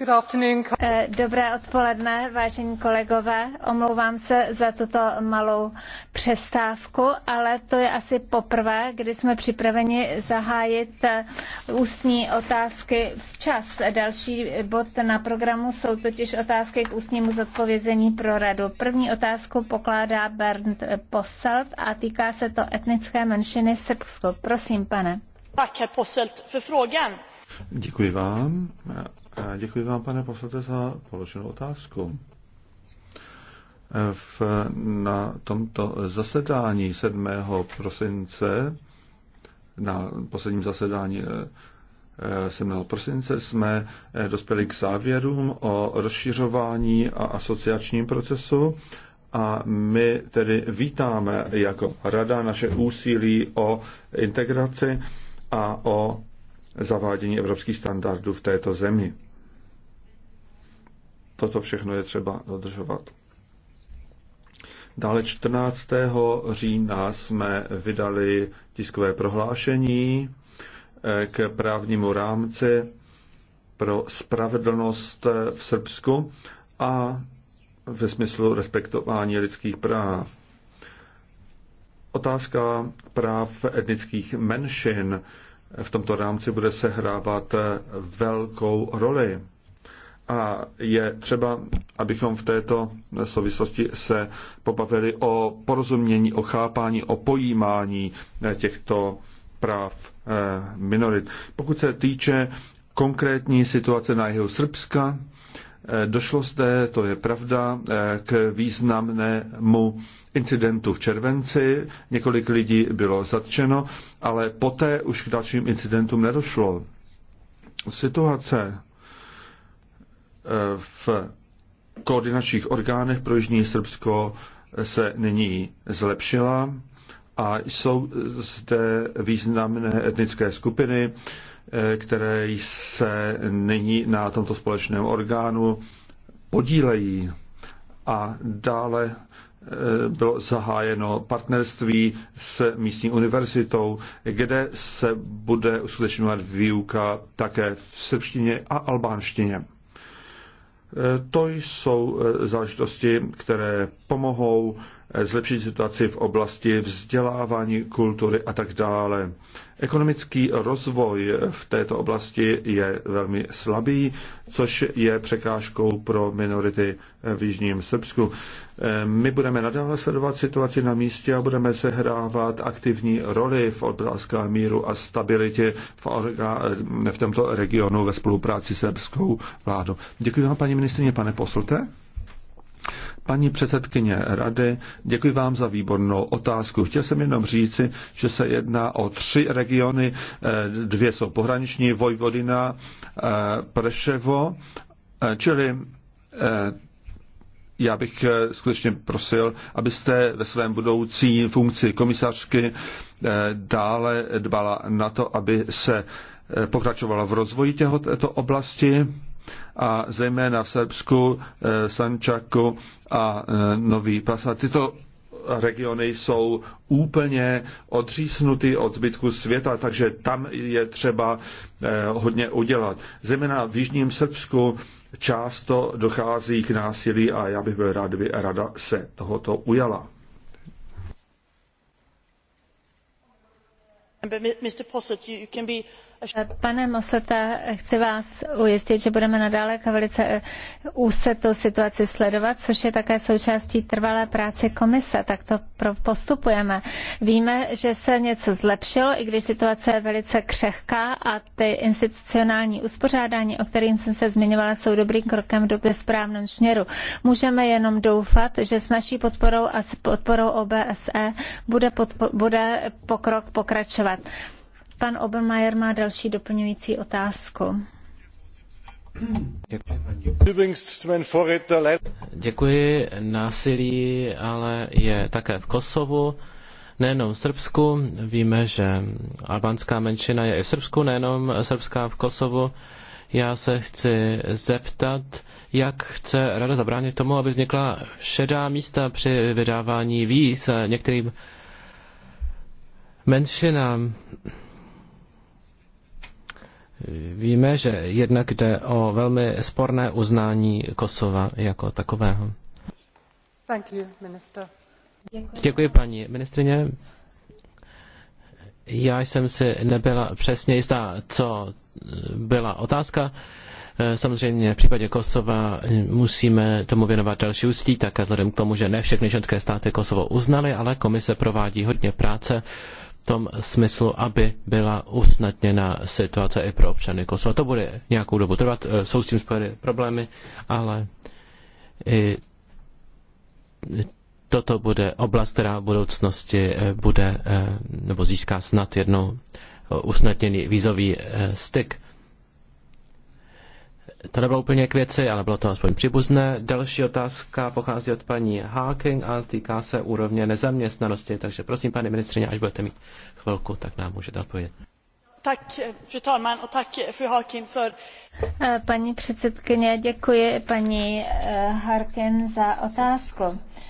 Eh, dobré odpoledne, vážení kolegové. Omlouvám se za tuto malou přestávku, ale to je asi poprvé, kdy jsme připraveni zahájit eh, ústní otázky včas. Další bod na programu jsou totiž otázky k ústnímu zodpovězení pro radu. První otázku pokládá Bernd Posselt a týká se to etnické menšiny v Srbsku. Prosím, pane. Děkuji vám Děkuji vám, pane poslete, za položenou otázku. V, na tomto zasedání 7. prosince, na posledním zasedání 7. Eh, eh, prosince jsme eh, dospěli k závěrům o rozšiřování a asociačním procesu a my tedy vítáme jako rada naše úsilí o integraci a o zavádění evropských standardů v této zemi. Toto všechno je třeba dodržovat. Dále 14. října jsme vydali tiskové prohlášení eh, k právnímu rámci pro spravedlnost eh, v Srbsku a ve smyslu respektování lidských práv. Otázka práv etnických menšin v tomto rámci bude sehrávat eh, velkou roli. A je třeba, abychom v této souvislosti se pobavili o porozumění, o chápání, o pojímání eh, těchto práv eh, minorit. Pokud se týče konkrétní situace na jihu Srbska, eh, došlo zde, to je pravda, k významnému incidentu v červenci. Několik lidí bylo zatčeno, ale poté už k dalším incidentům nedošlo. Situace v koordinačních orgánech pro Jižní Srbsko se nyní zlepšila a jsou zde významné etnické skupiny, eh, které se nyní na tomto společném orgánu podílejí. A dále eh, bylo zahájeno partnerství s místní univerzitou, kde se bude uskutečňovat výuka také v srbštině a albánštině. Eh, to jsou eh, záležitosti, které pomohou zlepšit situaci v oblasti vzdělávání, kultury a tak dále. Ekonomický rozvoj v této oblasti je velmi slabý, což je překážkou pro minority v Jižním Srbsku. My budeme nadále sledovat situaci na místě a budeme sehrávat aktivní roli v otázkách míru a stabilitě v, orga, v tomto regionu ve spolupráci s srbskou vládou. Děkuji vám, paní ministrině, pane poslte. Paní předsedkyně rady, děkuji vám za výbornou otázku. Chtěl jsem jenom říci, že se jedná o tři regiony, eh, dvě jsou pohraniční, Vojvodina, eh, Preševo, eh, čili já bych skutečně prosil, abyste ve svém budoucí funkci komisařky dále dbala na to, aby se pokračovala v rozvoji této oblasti a zejména v Srbsku, eh, Sančaku a eh, Nový Pasa. Tyto regiony jsou úplně odřísnuty od zbytku světa, takže tam je třeba eh, hodně udělat. Zejména v Jižním Srbsku často dochází k násilí a já bych byl rád, kdyby rada se tohoto ujala. Mr. Posset, you can be Pane Moseta chci vás ujistit, že budeme nadále velice eh, úzce tu situaci sledovat, což je také součástí trvalé práce komise. Tak to postupujeme. Víme, že se něco zlepšilo, i když situace je velice křehká a ty institucionální uspořádání, o kterým jsem se zmiňovala, jsou dobrým krokem do správném směru. Můžeme jenom doufat, že s naší podporou a s podporou OBSE bude, podpo- bude pokrok pokračovat. Pan Obermeier má další doplňující otázku. Děkuji. Násilí ale je také v Kosovu, nejenom v Srbsku. Víme, že albánská menšina je i v Srbsku, nejenom srbská v Kosovu. Já se chci zeptat, jak chce Rada zabránit tomu, aby vznikla šedá místa při vydávání víz některým menšinám. Víme, že jednak jde o velmi sporné uznání Kosova jako takového. Thank you, minister. Děkuji. Děkuji, paní ministrině. Já jsem si nebyla přesně jistá, co byla otázka. Samozřejmě v případě Kosova musíme tomu věnovat další ústí, tak vzhledem k tomu, že ne všechny ženské státy Kosovo uznaly, ale komise provádí hodně práce tom smyslu, aby byla usnadněna situace i pro občany Kosova. To bude nějakou dobu trvat, e, jsou s tím spojeny problémy, ale i toto bude oblast, která v budoucnosti e, bude e, nebo získá snad jednou usnadněný vízový styk. To nebylo úplně k věci, ale bylo to aspoň příbuzné. Další otázka pochází od paní Hawking a týká se úrovně nezaměstnanosti. Takže prosím, paní ministrině, až budete mít chvilku, tak nám můžete odpovědět. Eh, paní předsedkyně, děkuji paní eh, Harkin za otázku.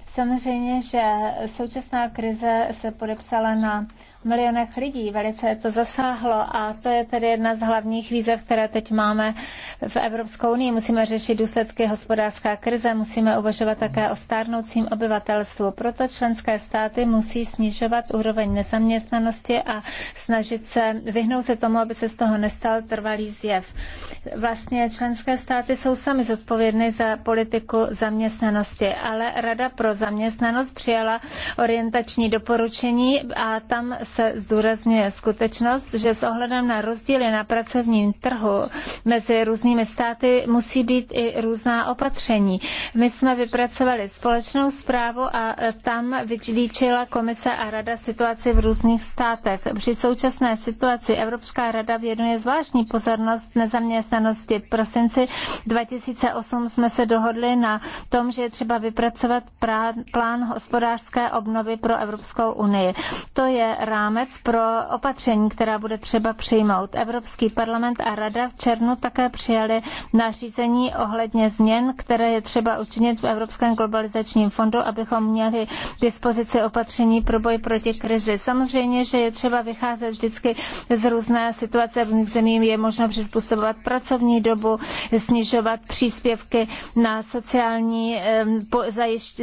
Samozřejmě, že současná krize se podepsala na milionech lidí. Velice to zasáhlo a to je tedy jedna z hlavních výzev, které teď máme v Evropskou unii. Musíme řešit důsledky hospodářské krize, musíme uvažovat také o stárnoucím obyvatelstvu. Proto členské státy musí snižovat úroveň nezaměstnanosti a snažit se vyhnout se tomu, aby se z toho nestal trvalý zjev. Vlastně členské státy jsou sami zodpovědny za politiku zaměstnanosti, ale Rada pro zaměstnanost přijala orientační doporučení a tam se zdůrazňuje skutečnost, že s ohledem na rozdíly na pracovním trhu mezi různými státy musí být i různá opatření. My jsme vypracovali společnou zprávu a tam vyčílila komise a rada situaci v různých státech. Při současné situaci Evropská rada věnuje zvláštní pozornost nezaměstnanosti. V prosinci 2008 jsme se dohodli na tom, že je třeba vypracovat plán hospodářské obnovy pro Evropskou unii. To je rámec rámec pro opatření, která bude třeba přijmout. Evropský parlament a Rada v červnu také přijali nařízení ohledně změn, které je třeba učinit v Evropském globalizačním fondu, abychom měli dispozici opatření pro boj proti krizi. Samozřejmě, že je třeba vycházet vždycky z různé situace v různých zemích Je možno přizpůsobovat pracovní dobu, snižovat příspěvky na sociální zajišť,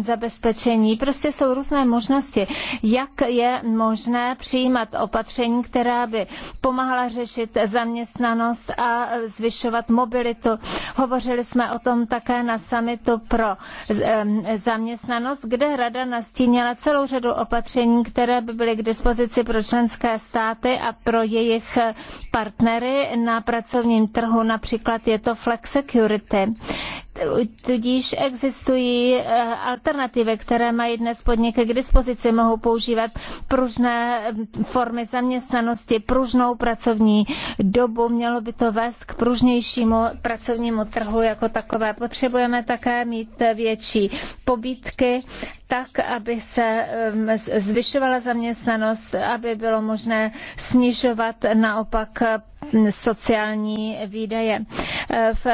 zabezpečení. Prostě jsou různé možnosti, jak je možné přijímat opatření, která by pomáhala řešit zaměstnanost a zvyšovat mobilitu. Hovořili jsme o tom také na summitu pro zaměstnanost, kde rada nastínila celou řadu opatření, které by byly k dispozici pro členské státy a pro jejich partnery na pracovním trhu. Například je to flexicurity. Tudíž existují eh, alternativy, které mají dnes podniky k dispozici. Mohou používat pružné mm, formy zaměstnanosti, pružnou pracovní dobu. Mělo by to vést k pružnějšímu pracovnímu trhu jako takové. Potřebujeme také mít větší pobítky, tak, aby se mm, zvyšovala zaměstnanost, aby bylo možné snižovat naopak sociální výdaje. V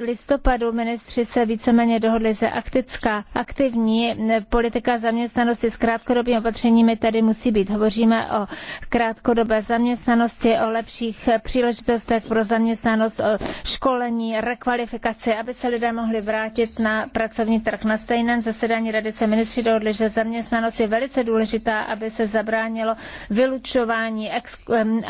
listopadu ministři se víceméně dohodli, že aktická, aktivní politika zaměstnanosti s krátkodobými opatřeními tady musí být. Hovoříme o krátkodobé zaměstnanosti, o lepších příležitostech pro zaměstnanost, o školení, rekvalifikaci, aby se lidé mohli vrátit na pracovní trh. Na stejném zasedání rady se ministři dohodli, že zaměstnanost je velice důležitá, aby se zabránilo vylučování,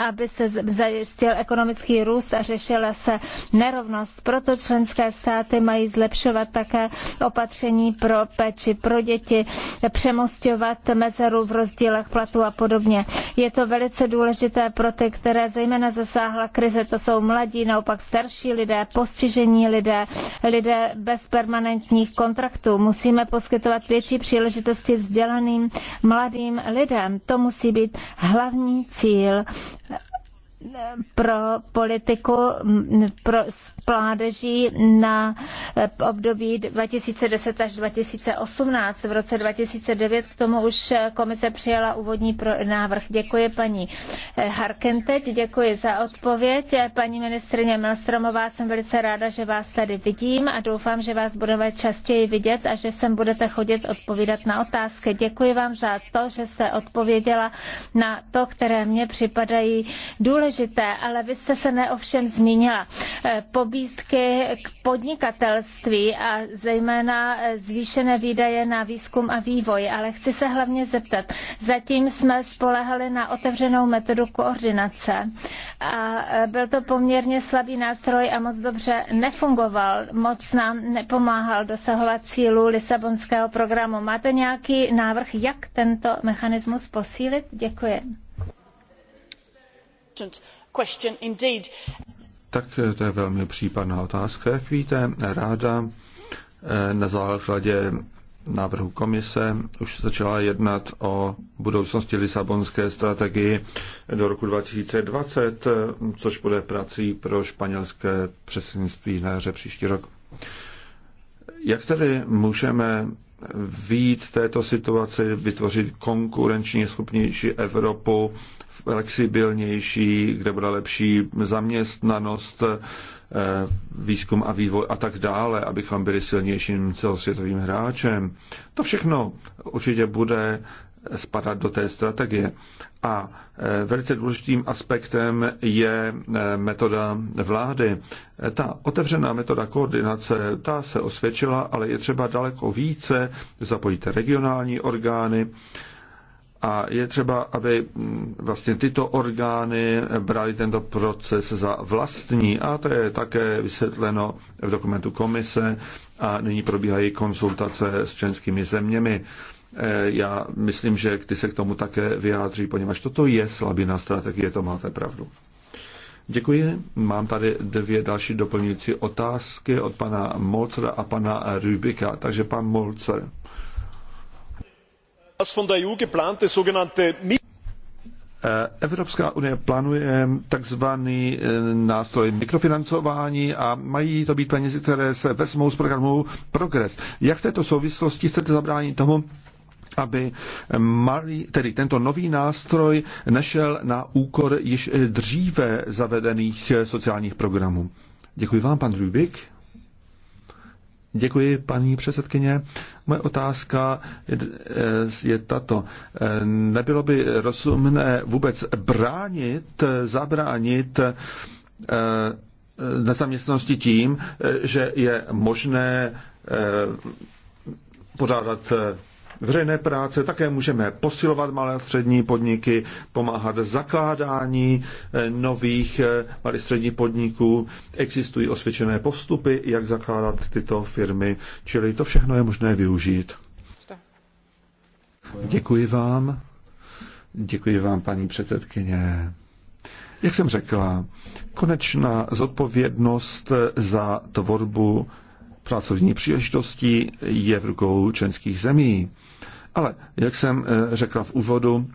aby se zajistilo zajistil ekonomický růst a řešila se nerovnost. Proto členské státy mají zlepšovat také opatření pro péči pro děti, přemostovat mezeru v rozdílech platů a podobně. Je to velice důležité pro ty, které zejména zasáhla krize. To jsou mladí, naopak starší lidé, postižení lidé, lidé bez permanentních kontraktů. Musíme poskytovat větší příležitosti vzdělaným mladým lidem. To musí být hlavní cíl pro politiku pro pládeží na e, období 2010 až 2018. V roce 2009 k tomu už e, komise přijala úvodní pro návrh. Děkuji paní e, Harkenteď, děkuji za odpověď. Paní ministrině Melstromová, jsem velice ráda, že vás tady vidím a doufám, že vás budeme častěji vidět a že sem budete chodit odpovídat na otázky. Děkuji vám za to, že jste odpověděla na to, které mě připadají důležité důležité, ale vy jste se neovšem zmínila. Eh, Pobídky k podnikatelství a zejména eh, zvýšené výdaje na výzkum a vývoj, ale chci se hlavně zeptat. Zatím jsme spolehali na otevřenou metodu koordinace a eh, byl to poměrně slabý nástroj a moc dobře nefungoval. Moc nám nepomáhal dosahovat cílů Lisabonského programu. Máte nějaký návrh, jak tento mechanismus posílit? Děkuji. Tak eh, to je velmi případná otázka. Jak víte, ráda eh, na základě návrhu komise už začala jednat o budoucnosti Lisabonské strategii do roku 2020, eh, což bude prací pro španělské předsednictví na jaře příští rok. Jak tedy můžeme výjít této situaci, vytvořit konkurenčně schopnější Evropu, flexibilnější, kde bude lepší zaměstnanost, eh, výzkum a vývoj a tak dále, abychom byli silnějším celosvětovým hráčem. To všechno určitě bude spadat do té strategie. A e, velice důležitým aspektem je e, metoda vlády. E, ta otevřená metoda koordinace, ta se osvědčila, ale je třeba daleko více zapojit regionální orgány, a je třeba, aby vlastně tyto orgány brali tento proces za vlastní a to je také vysvětleno v dokumentu komise a nyní probíhají konsultace s členskými zeměmi. Eh, já myslím, že ty se k tomu také vyjádří, poněvadž toto je slabina strategie, to máte pravdu. Děkuji. Mám tady dvě další doplňující otázky od pana Molcera a pana Rübika. Takže pan Molcer. Eh, Evropská unie plánuje takzvaný eh, nástroj mikrofinancování a mají to být peníze, které se vezmou z programu Progress. Jak v této souvislosti chcete zabránit tomu, aby malý, tedy tento nový nástroj nešel na úkor již dříve zavedených sociálních programů. Děkuji vám, pan Rubik. Děkuji, paní předsedkyně. Moje otázka je, je tato. Nebylo by rozumné vůbec bránit, zabránit eh, nezaměstnanosti tím, eh, že je možné eh, pořádat veřejné práce, také můžeme posilovat malé a střední podniky, pomáhat zakládání eh, nových eh, malých středních podniků. Existují osvědčené postupy, jak zakládat tyto firmy, čili to všechno je možné využít. Děkuji vám. Děkuji vám, paní předsedkyně. Jak jsem řekla, konečná zodpovědnost za tvorbu pracovní příležitosti je v rukou členských zemí. Ale, jak jsem eh, řekla v úvodu,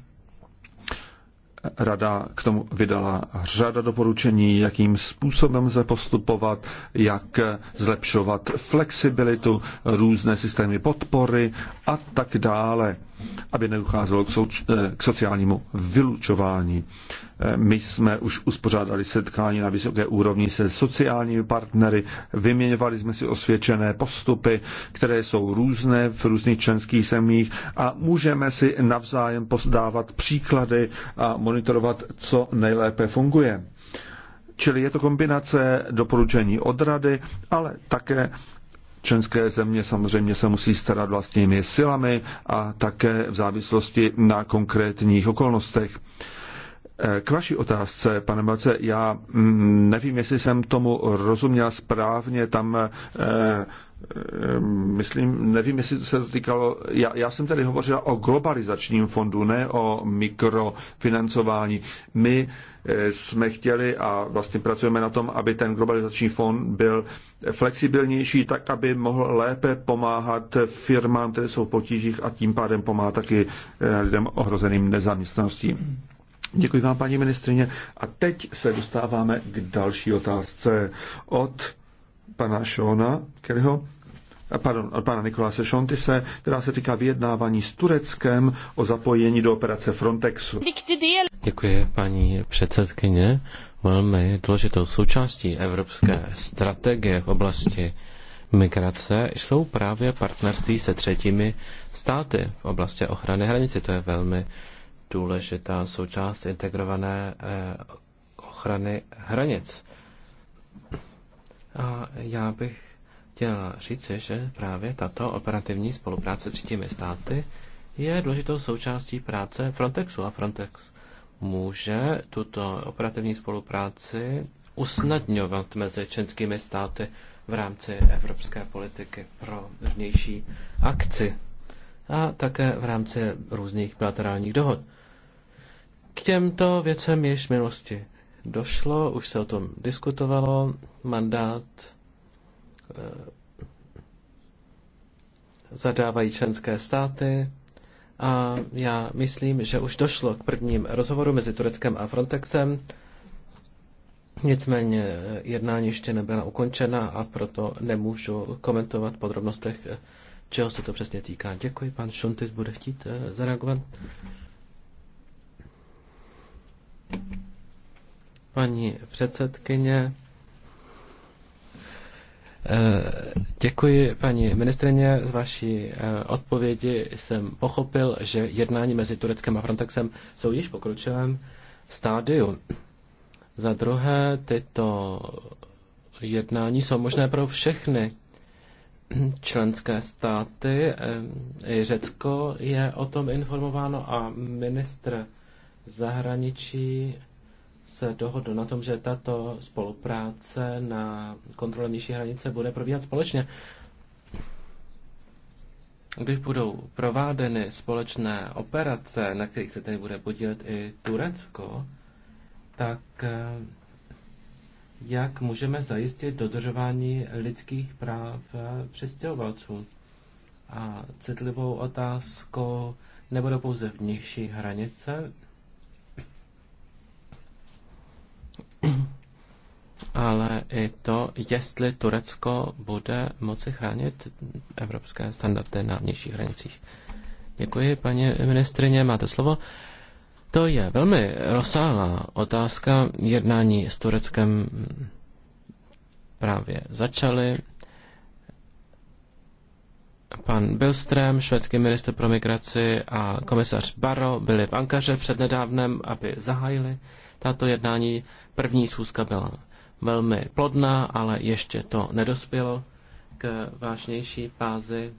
Rada k tomu vydala řada doporučení, jakým způsobem se postupovat, jak eh, zlepšovat flexibilitu, různé systémy podpory a tak dále aby nedocházelo k, souč- eh, k sociálnímu vylučování. Eh, my jsme už uspořádali setkání na vysoké úrovni se sociálními partnery, vyměňovali jsme si osvědčené postupy, které jsou různé v různých členských zemích a můžeme si navzájem dávat příklady a monitorovat, co nejlépe funguje. Čili je to kombinace doporučení od rady, ale také Členské země samozřejmě se musí starat vlastními silami a také v závislosti na konkrétních okolnostech. Eh, k vaší otázce, pane Melce, já mm, nevím, jestli jsem tomu rozuměl správně, tam eh, eh, myslím, nevím, jestli se to týkalo, já, já jsem tady hovořila o globalizačním fondu, ne o mikrofinancování. My jsme chtěli a vlastně pracujeme na tom, aby ten globalizační fond byl flexibilnější, tak aby mohl lépe pomáhat firmám, které jsou v potížích a tím pádem pomáhat taky eh, lidem ohrozeným nezaměstnaností. Děkuji vám, paní ministrině. A teď se dostáváme k další otázce od pana Šona Kellyho pardon, od pana Nikolase Šontise, která se týká vyjednávání s Tureckem o zapojení do operace Frontexu. Děkuji, paní předsedkyně. Velmi důležitou součástí evropské strategie v oblasti migrace jsou právě partnerství se třetími státy v oblasti ochrany hranice. To je velmi důležitá součást integrované eh, ochrany hranic. A já bych chtěl říci, že právě tato operativní spolupráce s třetími státy je důležitou součástí práce Frontexu a Frontex může tuto operativní spolupráci usnadňovat mezi členskými státy v rámci evropské politiky pro vnější akci a také v rámci různých bilaterálních dohod. K těmto věcem již v minulosti došlo, už se o tom diskutovalo, mandát zadávají členské státy. A já myslím, že už došlo k prvním rozhovoru mezi Tureckem a Frontexem. Nicméně jednání ještě nebyla ukončena a proto nemůžu komentovat v podrobnostech, čeho se to přesně týká. Děkuji, pan Šuntis bude chtít eh, zareagovat. Paní předsedkyně, Eh, děkuji, paní ministrině. Z vaší eh, odpovědi jsem pochopil, že jednání mezi Tureckem a Frontexem jsou již v pokročilém stádiu. Za druhé, tyto jednání jsou možné pro všechny členské státy. Eh, I Řecko je o tom informováno a ministr zahraničí se dohodl na tom, že tato spolupráce na kontrole nižší hranice bude probíhat společně. Když budou prováděny společné operace, na kterých se tedy bude podílet i Turecko, tak eh, jak můžeme zajistit dodržování lidských práv eh, přistěhovalců? A citlivou otázkou nebudou pouze vnější hranice, ale i to, jestli Turecko bude moci chránit evropské standardy na vnějších hranicích. Děkuji, paní ministrině, máte slovo. To je velmi rozsáhlá otázka. Jednání s Tureckem právě začaly. Pan Bilström, švédský minister pro migraci a komisař Baro byli v Ankaře přednedávnem, aby zahájili tato jednání. První schůzka byla velmi plodná, ale ještě to nedospělo k vážnější fázi.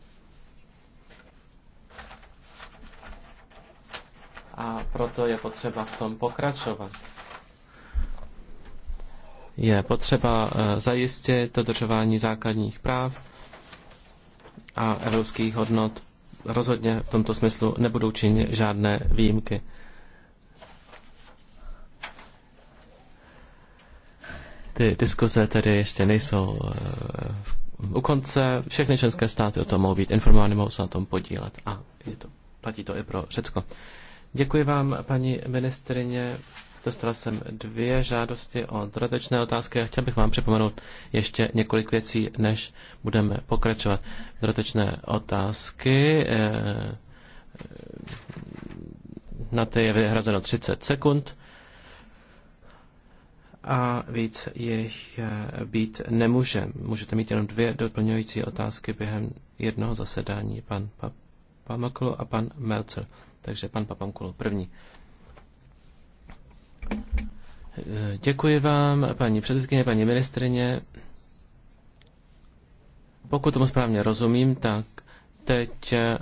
A proto je potřeba v tom pokračovat. Je potřeba eh, zajistit dodržování základních práv a evropských hodnot. Rozhodně v tomto smyslu nebudou činit žádné výjimky. Ty diskuze tedy ještě nejsou eh, u konce. Všechny členské státy o tom mohou být informovány, mohou se na tom podílet. A je to, platí to i pro Řecko. Děkuji vám, paní ministrině. Dostal jsem dvě žádosti o dodatečné otázky a chtěl bych vám připomenout ještě několik věcí, než budeme pokračovat. Dodatečné otázky. Eh, na ty je vyhrazeno 30 sekund a víc jich eh, být nemůže. Můžete mít jenom dvě doplňující otázky během jednoho zasedání, pan Papamakulu a pan Melcer. Takže pan Papamakulu první. Eh, děkuji vám, paní předsedkyně, paní ministrině. Pokud tomu správně rozumím, tak teď eh,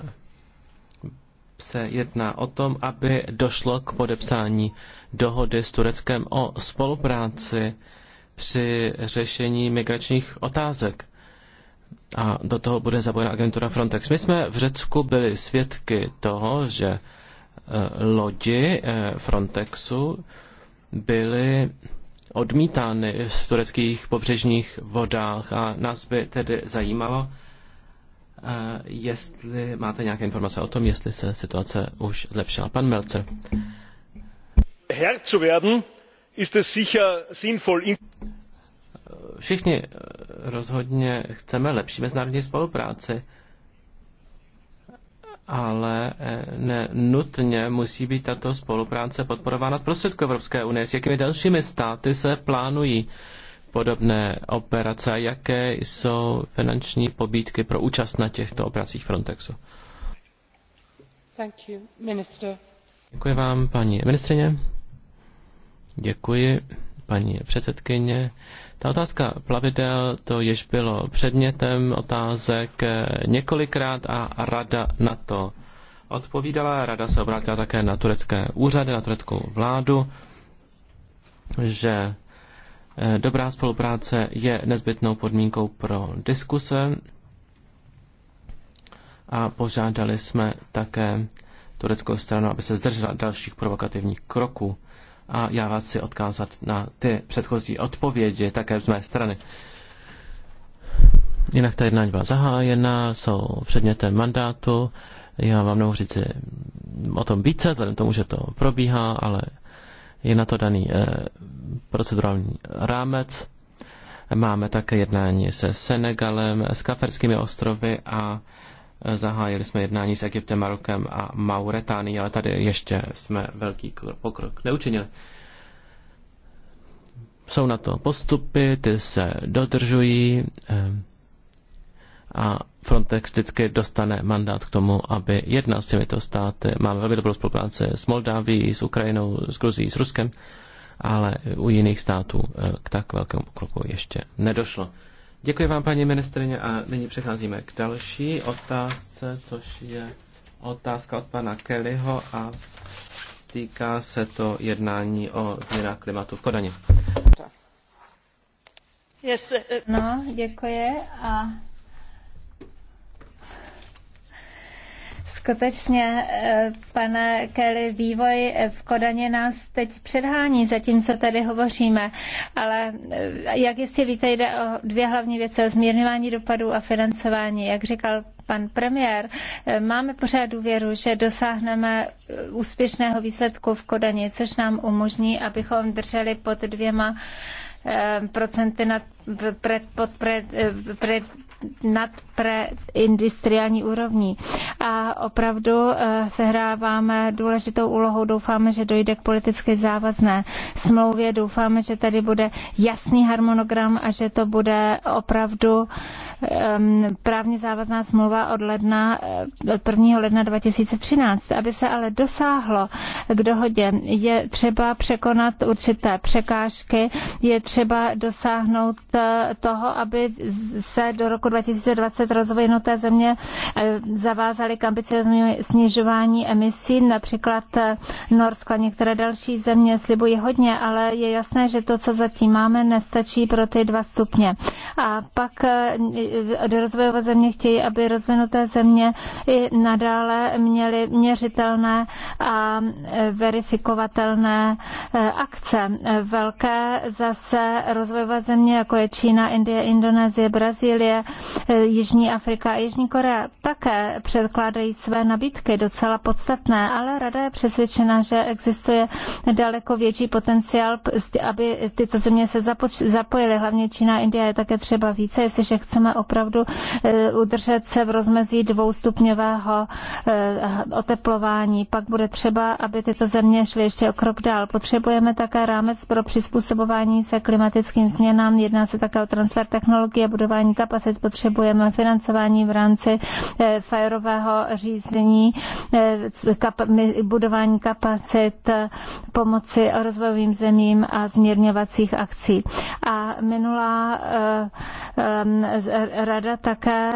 se jedná o tom, aby došlo k podepsání dohody s Tureckem o spolupráci při řešení migračních otázek. A do toho bude zapojena agentura Frontex. My jsme v Řecku byli svědky toho, že eh, lodi eh, Frontexu byly odmítány v tureckých pobřežních vodách a nás by tedy zajímalo, eh, jestli máte nějaké informace o tom, jestli se situace už zlepšila. Pan Melce herr zu werden ist es sicher sinnvoll. Všichni eh, rozhodně chceme lepší mezinárodní spolupráci, ale eh, ne, nutně musí být tato spolupráce podporována z prostředku Evropské unie. S jakými dalšími státy se plánují podobné operace a jaké jsou finanční pobídky pro účast na těchto operacích Frontexu? Thank you, Děkuji vám, paní ministrině. Děkuji, paní předsedkyně. Ta otázka plavidel, to již bylo předmětem otázek eh, několikrát a rada na to odpovídala. Rada se obrátila také na turecké úřady, na tureckou vládu, že eh, dobrá spolupráce je nezbytnou podmínkou pro diskuse a požádali jsme také tureckou stranu, aby se zdržela dalších provokativních kroků a já vás chci odkázat na ty předchozí odpovědi také z mé strany. Jinak ta jednání byla zahájena, jsou předmětem mandátu. Já vám nemohu říct o tom více, vzhledem tomu, že to probíhá, ale je na to daný eh, procedurální rámec. Máme také jednání se Senegalem, s Kaferskými ostrovy a Eh, zahájili jsme jednání s Egyptem, Marokem a Mauretánií, ale tady ještě jsme velký pokrok neučinili. Jsou na to postupy, ty se dodržují eh, a Frontex vždycky dostane mandát k tomu, aby jedna s těmito státy. Máme velmi dobrou spolupráci s Moldávií, s Ukrajinou, s Gruzií, s Ruskem, ale u jiných států eh, k tak velkému pokroku ještě nedošlo. Děkuji vám, paní ministrině, a nyní přecházíme k další otázce, což je otázka od pana Kellyho a týká se to jednání o změnách klimatu v Kodani. Uh, uh, no, děkuji a Skutečně, eh, pane Kelly, vývoj v Kodaně nás teď předhání, zatímco tady hovoříme, ale eh, jak jistě víte, jde o dvě hlavní věci, o zmírňování dopadů a financování. Jak říkal pan premiér, eh, máme pořád důvěru, že dosáhneme úspěšného výsledku v Kodaně, což nám umožní, abychom drželi pod dvěma procenty nad, pred, pod pred, pred, nad preindustriální úrovní. A opravdu eh, sehráváme důležitou úlohou. Doufáme, že dojde k politicky závazné smlouvě. Doufáme, že tady bude jasný harmonogram a že to bude opravdu právně závazná smlouva od ledna, eh, od 1. ledna 2013. Aby se ale dosáhlo k dohodě, je třeba překonat určité překážky, je třeba dosáhnout eh, toho, aby se do roku roku 2020 rozvoj země eh, zavázaly k ambicioznímu snižování emisí, například eh, Norsko a některé další země slibují hodně, ale je jasné, že to, co zatím máme, nestačí pro ty dva stupně. A pak eh, do rozvojové země chtějí, aby rozvinuté země i nadále měly měřitelné a verifikovatelné akce. Velké zase rozvojové země, jako je Čína, Indie, Indonésie, Brazílie, Eh, Jižní Afrika a Jižní Korea také předkládají své nabídky docela podstatné, ale rada je přesvědčena, že existuje daleko větší potenciál, aby tyto země se zapojily. Hlavně Čína a Indie je také třeba více, jestliže chceme opravdu eh, udržet se v rozmezí dvoustupňového eh, oteplování. Pak bude třeba, aby tyto země šly ještě o krok dál. Potřebujeme také rámec pro přizpůsobování se klimatickým změnám. Jedná se také o transfer technologie a budování kapacit potřebujeme financování v rámci eh, fajrového řízení, eh, budování kapacit, pomoci rozvojovým zemím a změrňovacích akcí. A minulá eh, rada také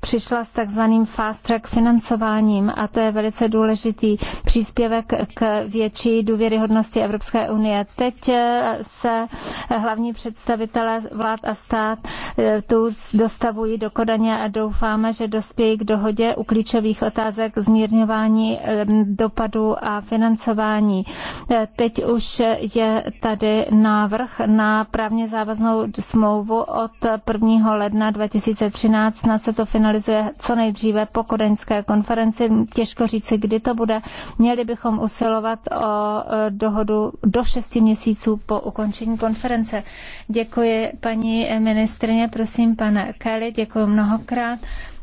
přišla s takzvaným fast track financováním a to je velice důležitý příspěvek k větší důvěryhodnosti Evropské unie. Teď se hlavní představitelé vlád a stát tu do dostavují do Kodaně a doufáme, že dospějí k dohodě u klíčových otázek zmírňování dopadů a financování. E, teď už je tady návrh na právně závaznou smlouvu od 1. ledna 2013, snad se to finalizuje co nejdříve po kodaňské konferenci. Těžko říci, kdy to bude. Měli bychom usilovat o e, dohodu do 6 měsíců po ukončení konference. Děkuji paní ministrině, prosím pane Kelly, děkuji mnohokrát.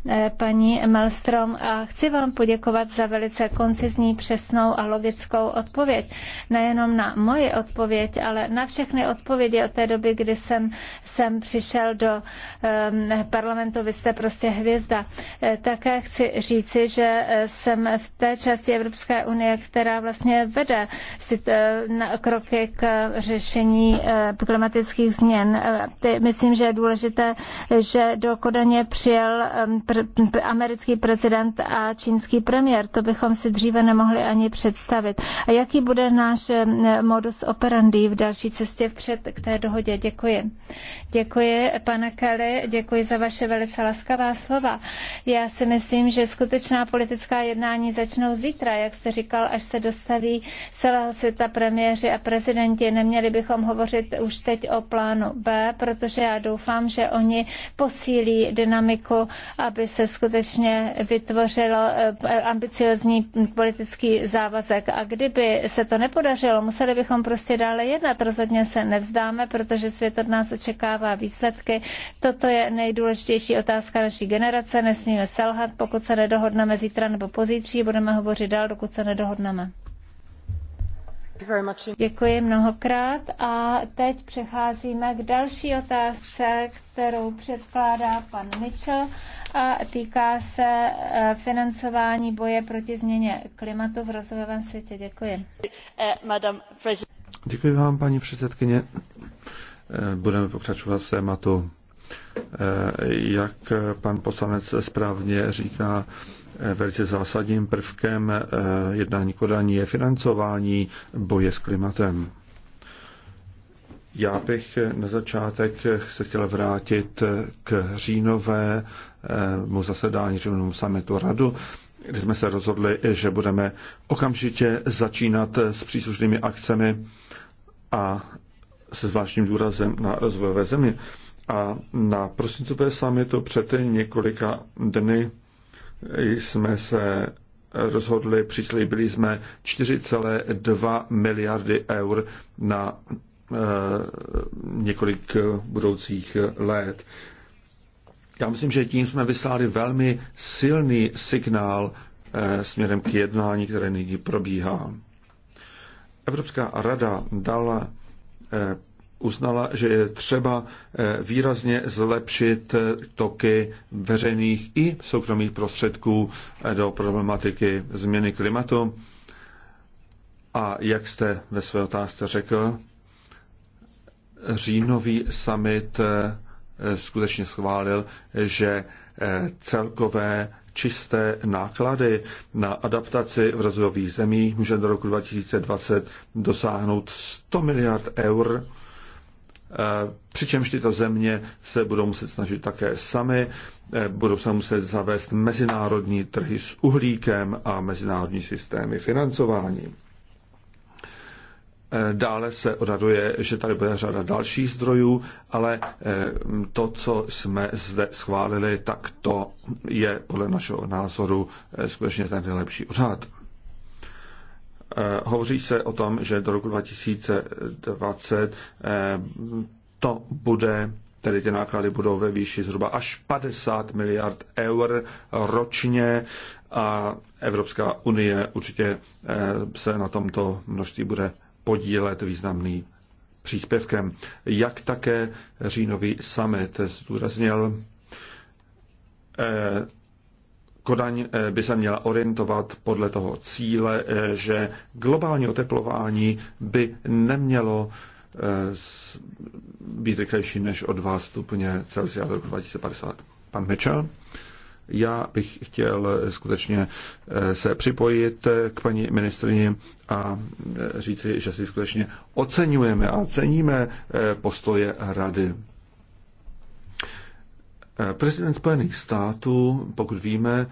Eh, paní Malstrom, a chci vám poděkovat za velice koncizní, přesnou a logickou odpověď. Nejenom na moji odpověď, ale na všechny odpovědi od té doby, kdy jsem, jsem přišel do um, parlamentu. Vy jste prostě hvězda. Eh, také chci říci, že eh, jsem v té části Evropské unie, která vlastně vede na kroky k řešení klimatických změn. Myslím, že je důležité, že do Kodaně přijel ehm, pr- americký prezident a čínský premiér. To bychom si dříve nemohli ani představit. A jaký bude náš eh, modus operandi v další cestě vpřed k té dohodě? Děkuji. Děkuji, pana Kelly, děkuji za vaše velice laskavá slova. Já si myslím, že skutečná politická jednání začnou zítra, jak jste říkal, až se dostaví celého světa premiéři a prezidenti. Neměli bychom hovořit už teď o plánu B, protože já doufám, že oni posílí dynamiku, aby aby se skutečně vytvořilo eh, ambiciozní politický závazek. A kdyby se to nepodařilo, museli bychom prostě dále jednat. Rozhodně se nevzdáme, protože svět od nás očekává výsledky. Toto je nejdůležitější otázka naší generace. Nesmíme selhat, pokud se nedohodneme zítra nebo pozítří, budeme hovořit dál, dokud se nedohodneme. Děkuji mnohokrát a teď přecházíme k další otázce, kterou předkládá pan Mitchell a týká se eh, financování boje proti změně klimatu v rozvojovém světě. Děkuji. Děkuji vám, paní předsedkyně. Eh, budeme pokračovat s tématu. Eh, jak pan poslanec správně říká, Eh, velice zásadním prvkem eh, jednání Kodaní je financování boje s klimatem. Já bych eh, na začátek se chtěl vrátit k říjnovému zasedání říjnovému sametu radu, kde jsme se rozhodli, že budeme okamžitě začínat s příslušnými akcemi a se zvláštním důrazem na rozvojové země. A na prosincové samitu před několika dny jsme se rozhodli, přislíbili jsme 4,2 miliardy eur na eh, několik budoucích let. Já myslím, že tím jsme vyslali velmi silný signál eh, směrem k jednání, které nyní probíhá. Evropská rada dala eh, uznala, že je třeba eh, výrazně zlepšit eh, toky veřejných i soukromých prostředků eh, do problematiky změny klimatu. A jak jste ve své otázce řekl, říjnový summit skutečně schválil, že celkové čisté náklady na adaptaci v rozvojových zemích může do roku 2020 dosáhnout 100 miliard eur Eh, přičemž tyto země se budou muset snažit také sami, eh, budou se muset zavést mezinárodní trhy s uhlíkem a mezinárodní systémy financování. Eh, dále se odhaduje, že tady bude řada dalších zdrojů, ale to, co jsme zde schválili, tak to je podle našeho názoru skutečně ten nejlepší odhad. Eh, hovoří se o tom, že do roku 2020 eh, to bude, tedy ty náklady budou ve výši zhruba až 50 miliard eur ročně a Evropská unie určitě eh, se na tomto množství bude podílet významný příspěvkem. Jak také říjnový summit zdůraznil, Kodaň eh, by se měla orientovat podle toho cíle, eh, že globální oteplování by nemělo eh, být rychlejší než o 2 stupně Celsia do roku 2050. Pan Mitchell? Já bych chtěl skutečně se připojit k paní ministrině a říci, že si skutečně oceňujeme a ceníme postoje rady. Prezident Spojených států, pokud víme,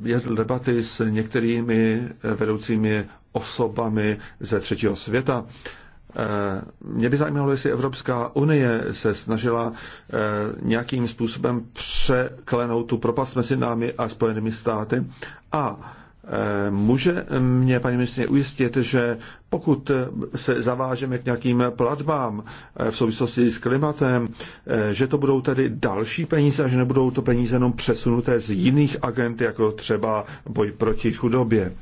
vedl eh, debaty s některými vedoucími osobami ze třetího světa. Eh, mě by zajímalo, jestli Evropská unie se snažila eh, nějakým způsobem překlenout tu propast mezi námi a Spojenými státy a Eh, může mě, paní ministrině, ujistit, že pokud se zavážeme k nějakým platbám eh, v souvislosti s klimatem, eh, že to budou tedy další peníze a že nebudou to peníze jenom přesunuté z jiných agent, jako třeba boj proti chudobě.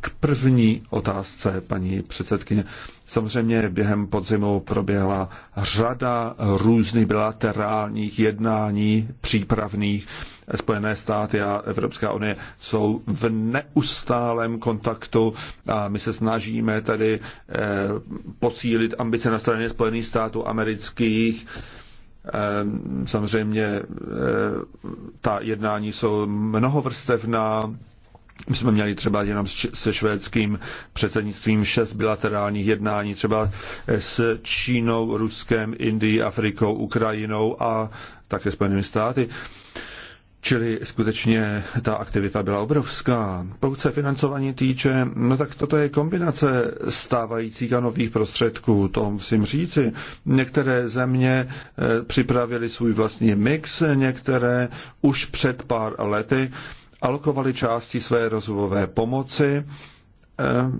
K první otázce, paní předsedkyně. Samozřejmě během podzimu proběhla řada různých bilaterálních jednání přípravných Spojené státy a Evropská unie jsou v neustálém kontaktu a my se snažíme tedy eh, posílit ambice na straně Spojených států amerických. Eh, samozřejmě eh, ta jednání jsou mnohovrstevná, my jsme měli třeba jenom se švédským předsednictvím šest bilaterálních jednání, třeba s Čínou, Ruskem, Indií, Afrikou, Ukrajinou a také Spojenými státy. Čili skutečně ta aktivita byla obrovská. Pokud se financování týče, no tak toto je kombinace stávajících a nových prostředků, to musím říci. Některé země eh, připravili svůj vlastní mix, některé už před pár lety alokovali části své rozvojové pomoci eh,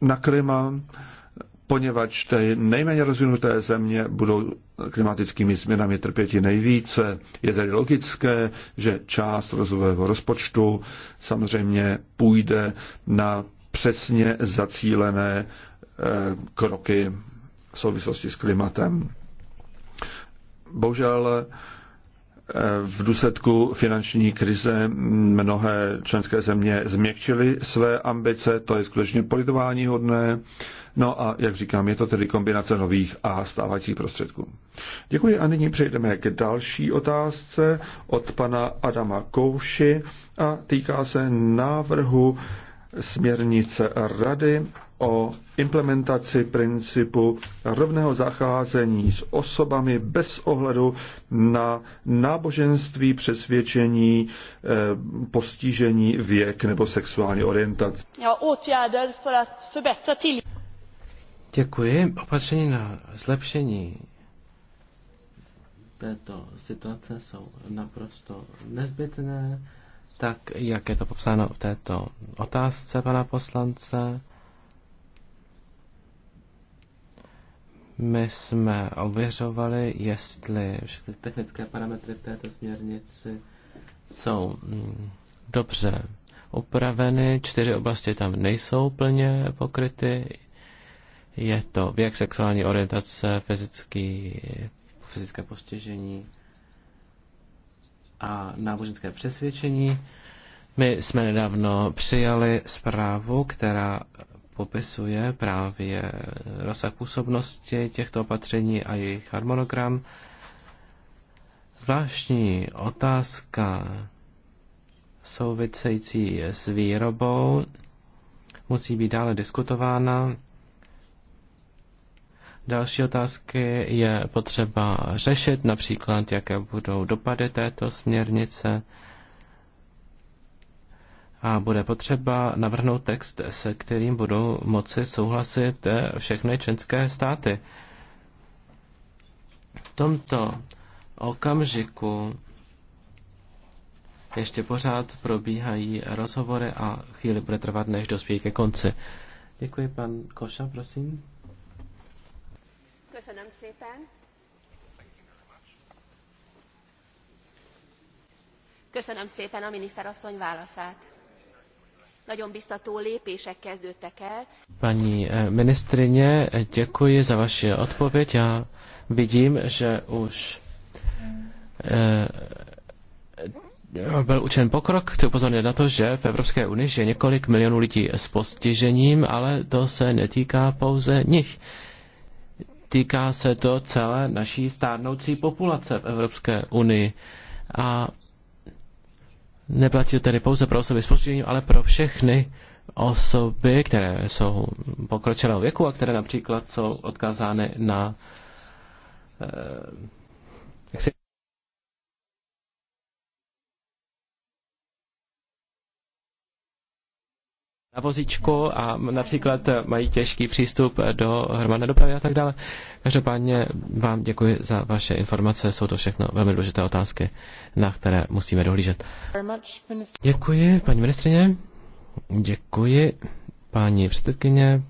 na klima, poněvadž ty nejméně rozvinuté země budou klimatickými změnami trpěti nejvíce. Je tedy logické, že část rozvojového rozpočtu samozřejmě půjde na přesně zacílené eh, kroky v souvislosti s klimatem. Bohužel Eh, v důsledku finanční krize mnohé členské země změkčily své ambice, to je skutečně politování hodné. No a jak říkám, je to tedy kombinace nových a stávajících prostředků. Děkuji a nyní přejdeme k další otázce od pana Adama Kouši a týká se návrhu směrnice Rady o implementaci principu rovného zacházení s osobami bez ohledu na náboženství, přesvědčení, eh, postižení, věk nebo sexuální orientaci. Děkuji. Opatření na zlepšení této situace jsou naprosto nezbytné, tak jak je to popsáno v této otázce pana poslance. My jsme ověřovali, jestli všechny technické parametry v této směrnici jsou mm, dobře upraveny. Čtyři oblasti tam nejsou plně pokryty. Je to věk, sexuální orientace, fyzický, fyzické postižení a náboženské přesvědčení. My jsme nedávno přijali zprávu, která popisuje právě rozsah působnosti těchto opatření a jejich harmonogram. Zvláštní otázka související s výrobou musí být dále diskutována. Další otázky je potřeba řešit, například jaké budou dopady této směrnice a bude potřeba navrhnout text, se kterým budou moci souhlasit eh, všechny členské státy. V tomto okamžiku ještě pořád probíhají rozhovory a chvíli bude trvat, než dospějí ke konci. Děkuji, pan Koša, prosím. Köszönöm szépen. Köszönöm szépen a miniszter asszony válaszát nagyon biztató lépések kezdődtek el. Paní eh, ministrině, eh, děkuji za vaši odpověď. Já vidím, že už eh, byl učen pokrok, chci upozornit na to, že v Evropské unii je několik milionů lidí s postižením, ale to se netýká pouze nich. Týká se to celé naší stárnoucí populace v Evropské unii. A Neplatí to tedy pouze pro osoby s postižením, ale pro všechny osoby, které jsou pokročilého věku a které například jsou odkázány na eh, na vozíčku a například mají těžký přístup do hromadné dopravy a tak dále. Každopádně vám děkuji za vaše informace, jsou to všechno velmi důležité otázky, na které musíme dohlížet. Děkuji, paní ministrině. Děkuji, paní předsedkyně.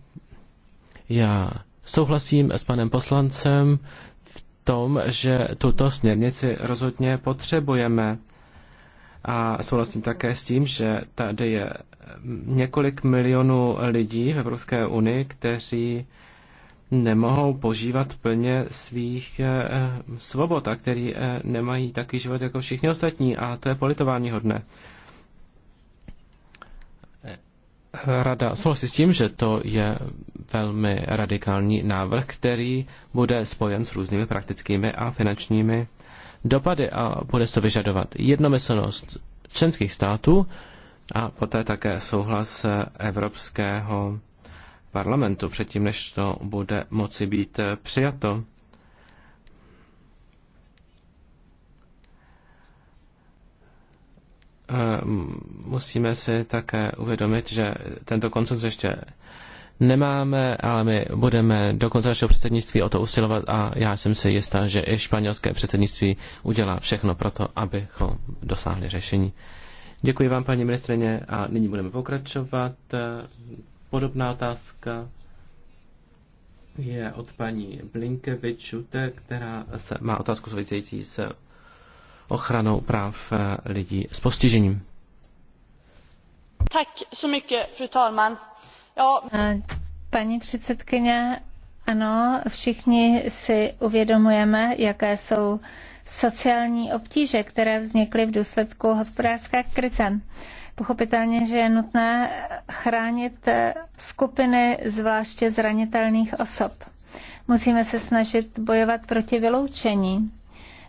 Já souhlasím s panem poslancem v tom, že tuto směrnici rozhodně potřebujeme. A souhlasím také s tím, že tady je několik milionů lidí v Evropské unii, kteří nemohou požívat plně svých eh, svobod a který eh, nemají takový život jako všichni ostatní a to je politování hodné. Rada souhlasí s tím, že to je velmi radikální návrh, který bude spojen s různými praktickými a finančními dopady a bude to vyžadovat jednomyslnost členských států, a poté také souhlas Evropského parlamentu, předtím než to bude moci být přijato. Eh, musíme si také uvědomit, že tento koncept ještě nemáme, ale my budeme do konce našeho předsednictví o to usilovat a já jsem si jistá, že i španělské předsednictví udělá všechno pro to, abychom dosáhli řešení. Děkuji vám, paní ministrině, a nyní budeme pokračovat. Podobná otázka je od paní Blinkevičute, která se má otázku související s ochranou práv eh, lidí s postižením. Tak, so mycket, fru talman. Jo. Eh, paní předsedkyně, ano, všichni si uvědomujeme, jaké jsou sociální obtíže, které vznikly v důsledku hospodářské krize. Pochopitelně, že je nutné chránit eh, skupiny zvláště zranitelných osob. Musíme se snažit bojovat proti vyloučení.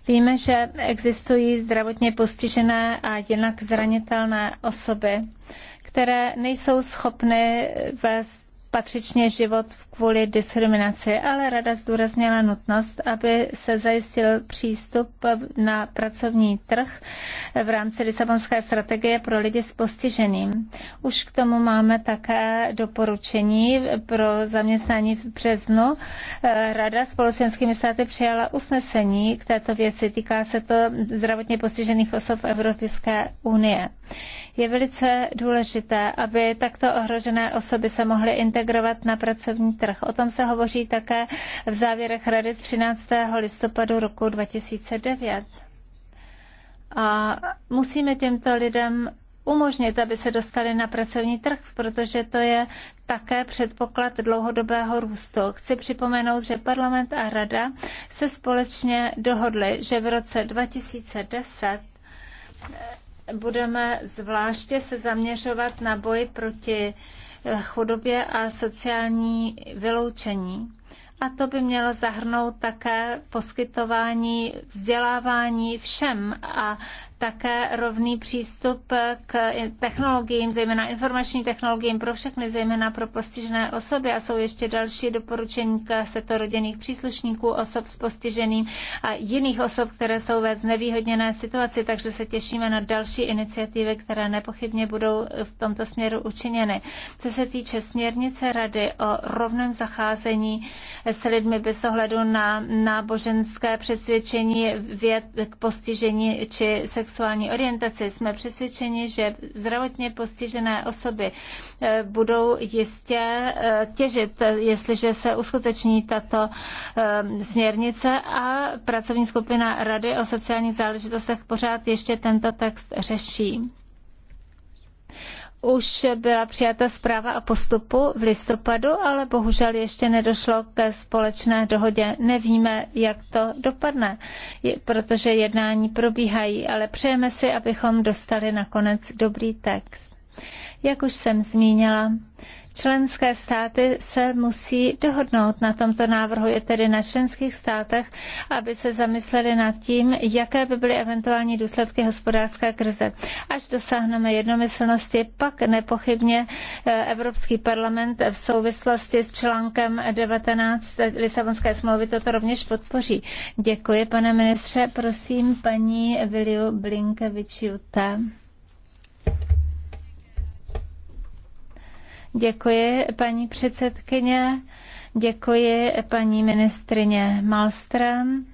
Víme, že existují zdravotně postižené a jinak zranitelné osoby, které nejsou schopny vést patřičně život kvůli diskriminaci, ale rada zdůraznila nutnost, aby se zajistil přístup na pracovní trh v rámci Lisabonské strategie pro lidi s postižením. Už k tomu máme také doporučení pro zaměstnání v březnu. Rada spolu s členskými státy přijala usnesení k této věci. Týká se to zdravotně postižených osob Evropské unie. Je velice důležité, aby takto ohrožené osoby se mohly integrovat integrovat na pracovní trh. O tom se hovoří také v závěrech Rady z 13. listopadu roku 2009. A musíme těmto lidem umožnit, aby se dostali na pracovní trh, protože to je také předpoklad dlouhodobého růstu. Chci připomenout, že parlament a rada se společně dohodly, že v roce 2010 budeme zvláště se zaměřovat na boj proti Eh, chudobě a sociální vyloučení. A to by mělo zahrnout také poskytování vzdělávání všem a také rovný přístup k technologiím, zejména informačním technologiím pro všechny, zejména pro postižené osoby a jsou ještě další doporučení k seto rodinných příslušníků, osob s postižením a jiných osob, které jsou ve znevýhodněné situaci, takže se těšíme na další iniciativy, které nepochybně budou v tomto směru učiněny. Co se týče směrnice Rady o rovném zacházení s lidmi bez ohledu na náboženské přesvědčení, věd k postižení či sexuální sexuální orientaci. Jsme přesvědčeni, že zdravotně postižené osoby eh, budou jistě eh, těžit, jestliže se uskuteční tato eh, směrnice a pracovní skupina Rady o sociálních záležitostech pořád ještě tento text řeší. Už byla přijata zpráva o postupu v listopadu, ale bohužel ještě nedošlo ke společné dohodě. Nevíme, jak to dopadne, protože jednání probíhají, ale přejeme si, abychom dostali nakonec dobrý text. Jak už jsem zmínila, Členské státy se musí dohodnout na tomto návrhu. Je tedy na členských státech, aby se zamysleli nad tím, jaké by byly eventuální důsledky hospodářské krize. Až dosáhneme jednomyslnosti, pak nepochybně eh, Evropský parlament v souvislosti s článkem 19 Lisabonské smlouvy toto rovněž podpoří. Děkuji, pane ministře. Prosím, paní Viliu Blinkevičiuta. Děkuji, paní předsedkyně. Děkuji, paní ministrině Malström.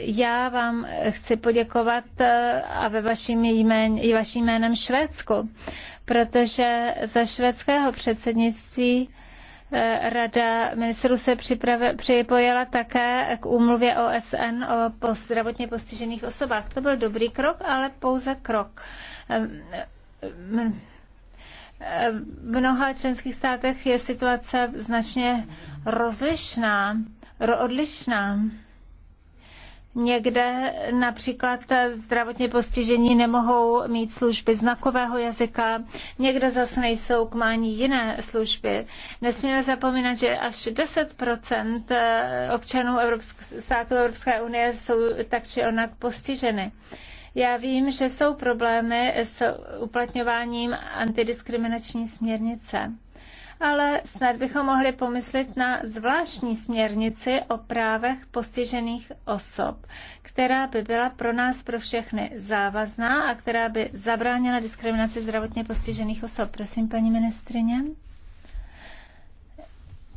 Já vám chci poděkovat eh, a ve vaším, jmén, i vaším jménem Švédsku, protože za švédského předsednictví eh, Rada ministrů se připojila také k úmluvě OSN o zdravotně postižených osobách. To byl dobrý krok, ale pouze krok ehm, ehm, v mnoha členských státech je situace značně rozlišná, odlišná. Někde například zdravotně postižení nemohou mít služby znakového jazyka, někde zase nejsou k mání jiné služby. Nesmíme zapomínat, že až 10 eh, občanů Evropsk- států Evropské unie jsou tak či onak postiženy. Já vím, že jsou problémy s uplatňováním antidiskriminační směrnice ale snad bychom mohli pomyslet na zvláštní směrnici o právech postižených osob, která by byla pro nás pro všechny závazná a která by zabránila diskriminaci zdravotně postižených osob. Prosím, paní ministrině.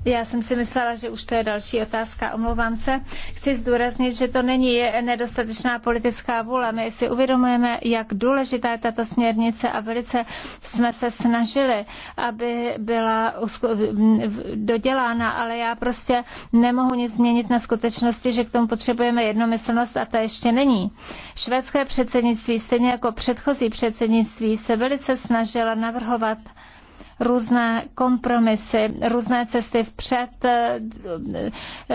Já jsem si myslela, že už to je další otázka, omlouvám se. Chci zdůraznit, že to není nedostatečná politická vůle. My si uvědomujeme, jak důležitá je tato směrnice a velice jsme se snažili, aby byla dodělána, ale já prostě nemohu nic změnit na skutečnosti, že k tomu potřebujeme jednomyslnost a ta ještě není. Švédské předsednictví, stejně jako předchozí předsednictví, se velice snažila navrhovat různé kompromisy, různé cesty vpřed, eh,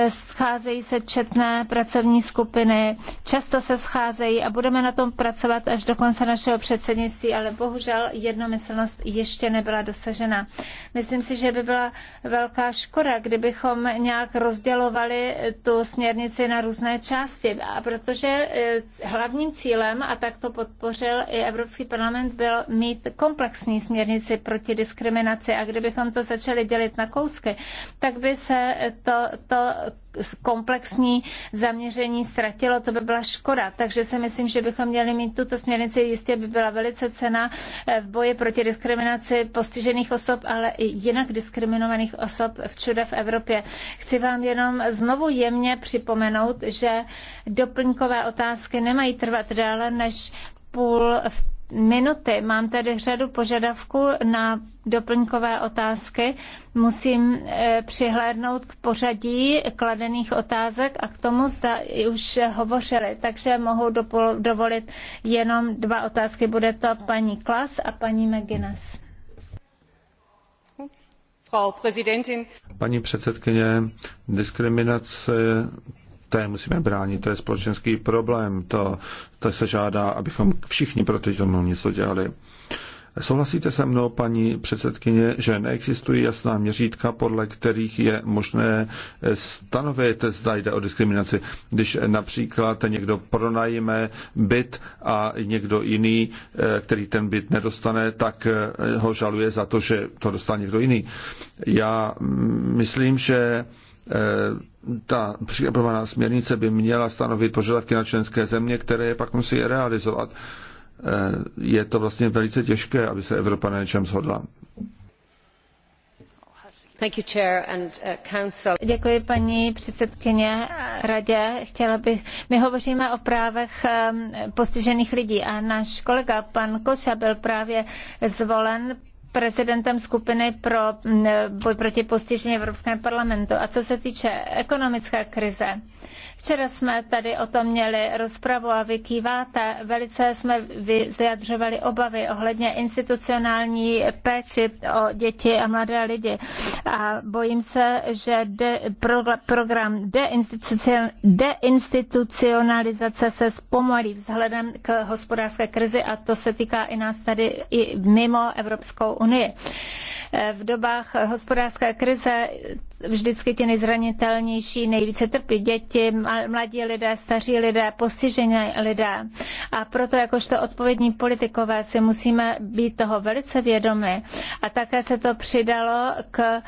scházejí se četné pracovní skupiny, často se scházejí a budeme na tom pracovat až do konce našeho předsednictví, ale bohužel jednomyslnost ještě nebyla dosažena. Myslím si, že by byla velká škoda, kdybychom nějak rozdělovali tu směrnici na různé části, a protože eh, hlavním cílem, a tak to podpořil i Evropský parlament, byl mít komplexní směrnici proti diskriminaci diskriminaci a kdybychom to začali dělit na kousky, tak by se to, to komplexní zaměření ztratilo, to by byla škoda. Takže si myslím, že bychom měli mít tuto směrnici, jistě by byla velice cena eh, v boji proti diskriminaci postižených osob, ale i jinak diskriminovaných osob všude v Evropě. Chci vám jenom znovu jemně připomenout, že doplňkové otázky nemají trvat déle než půl minuty. Mám tady řadu požadavků na doplňkové otázky. Musím eh, přihlédnout k pořadí kladených otázek a k tomu zda už hovořili, takže mohu dovolit jenom dva otázky. Bude to paní Klas a paní McGuinness. Paní předsedkyně, diskriminace té musíme bránit, to je společenský problém, to, to se žádá, abychom všichni proti tomu něco dělali. Souhlasíte se mnou, paní předsedkyně, že neexistují jasná měřítka, podle kterých je možné stanovit, zda jde o diskriminaci. Když například někdo pronajme byt a někdo jiný, který ten byt nedostane, tak ho žaluje za to, že to dostal někdo jiný. Já myslím, že Eh, ta připravovaná směrnice by měla stanovit požadavky na členské země, které je pak musí realizovat. Eh, je to vlastně velice těžké, aby se Evropa na něčem shodla. Uh, Děkuji paní předsedkyně radě. Chtěla bych, my hovoříme o právech um, postižených lidí a náš kolega pan Koša byl právě zvolen prezidentem skupiny pro boj proti postižení Evropském parlamentu. A co se týče ekonomické krize, Včera jsme tady o tom měli rozpravu a vykýváte. Velice jsme vyjadřovali obavy ohledně institucionální péči o děti a mladé lidi. A bojím se, že de, pro, program deinstitucionalizace se zpomalí vzhledem k hospodářské krizi a to se týká i nás tady i mimo Evropskou unii. V dobách hospodářské krize vždycky ti nejzranitelnější nejvíce trpí. Děti, mladí lidé, staří lidé, postižení lidé. A proto jakožto odpovědní politikové si musíme být toho velice vědomi. A také se to přidalo k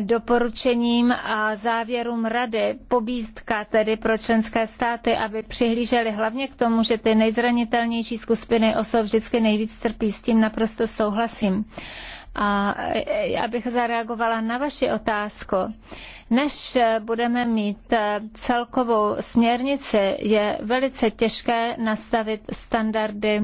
doporučením a závěrům rady, pobízdka tedy pro členské státy, aby přihlíželi hlavně k tomu, že ty nejzranitelnější skupiny osob vždycky nejvíc trpí. S tím naprosto souhlasím. A e, abych zareagovala na vaši otázku, než e, budeme mít e, celkovou směrnici, je velice těžké nastavit standardy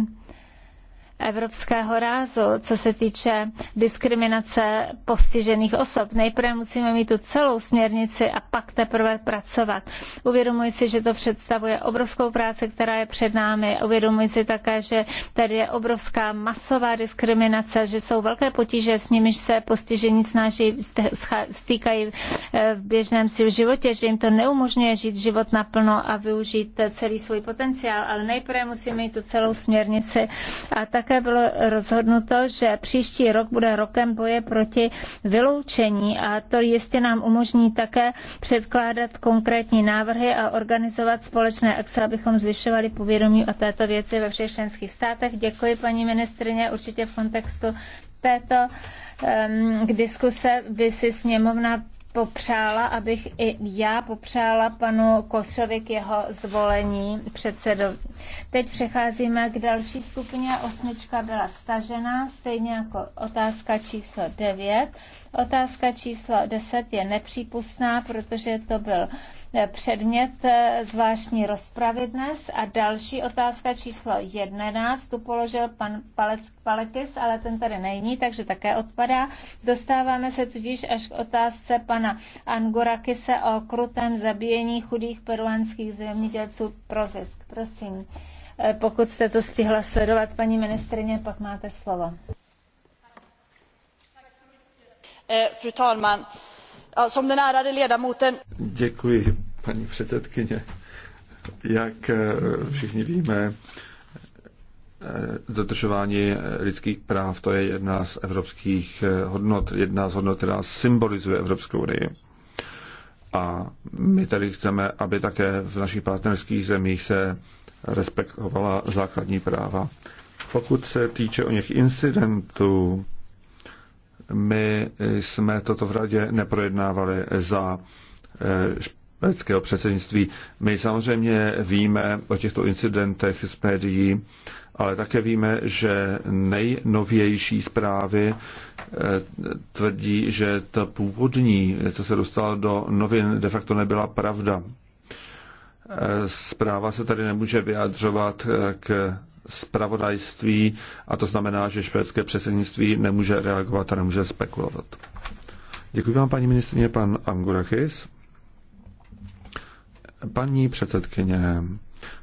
evropského rázu, co se týče diskriminace postižených osob. Nejprve musíme mít tu celou směrnici a pak teprve pracovat. Uvědomuji si, že to představuje obrovskou práci, která je před námi. Uvědomuji si také, že tady je obrovská masová diskriminace, že jsou velké potíže, s nimiž se postižení snaží, stýkají eh, v běžném si životě, že jim to neumožňuje žít život naplno a využít eh, celý svůj potenciál. Ale nejprve musíme mít tu celou směrnici a tak také bylo rozhodnuto, že příští rok bude rokem boje proti vyloučení a to jistě nám umožní také předkládat konkrétní návrhy a organizovat společné akce, abychom zvyšovali povědomí o této věci ve všech členských státech. Děkuji, paní ministrině, určitě v kontextu této um, diskuse by si sněmovna popřála, abych i já popřála panu Kosovi k jeho zvolení předsedou Teď přecházíme k další skupině. Osmička byla stažena, stejně jako otázka číslo 9. Otázka číslo 10 je nepřípustná, protože to byl eh, předmět eh, zvláštní rozpravy dnes. A další otázka číslo 11, tu položil pan Palec, Palekis, ale ten tady není, takže také odpadá. Dostáváme se tudíž až k otázce pana Angorakise o krutém zabíjení chudých peruánských zemědělců pro zisk. Prosím, eh, pokud jste to stihla sledovat, paní ministrině, pak máte slovo. Eh, fru talman, som den ärade ledamoten... Děkuji, paní předsedkyně. Jak eh, všichni víme, dodržování lidských práv, to je jedna z evropských hodnot, jedna z hodnot, která symbolizuje Evropskou unii. A my tedy chceme, aby také v našich partnerských zemích se respektovala základní práva. Pokud se týče o něch incidentů, my jsme toto v radě neprojednávali za eh, švédského předsednictví. My samozřejmě víme o těchto incidentech z médií, ale také víme, že nejnovější zprávy Eh, tvrdí, že ta původní, co se dostala do novin, de facto nebyla pravda. Eh, zpráva se tady nemůže vyjadřovat eh, k spravodajství a to znamená, že švédské předsednictví nemůže reagovat a nemůže spekulovat. Děkuji vám, paní ministrině, pan Angurachis. Paní předsedkyně,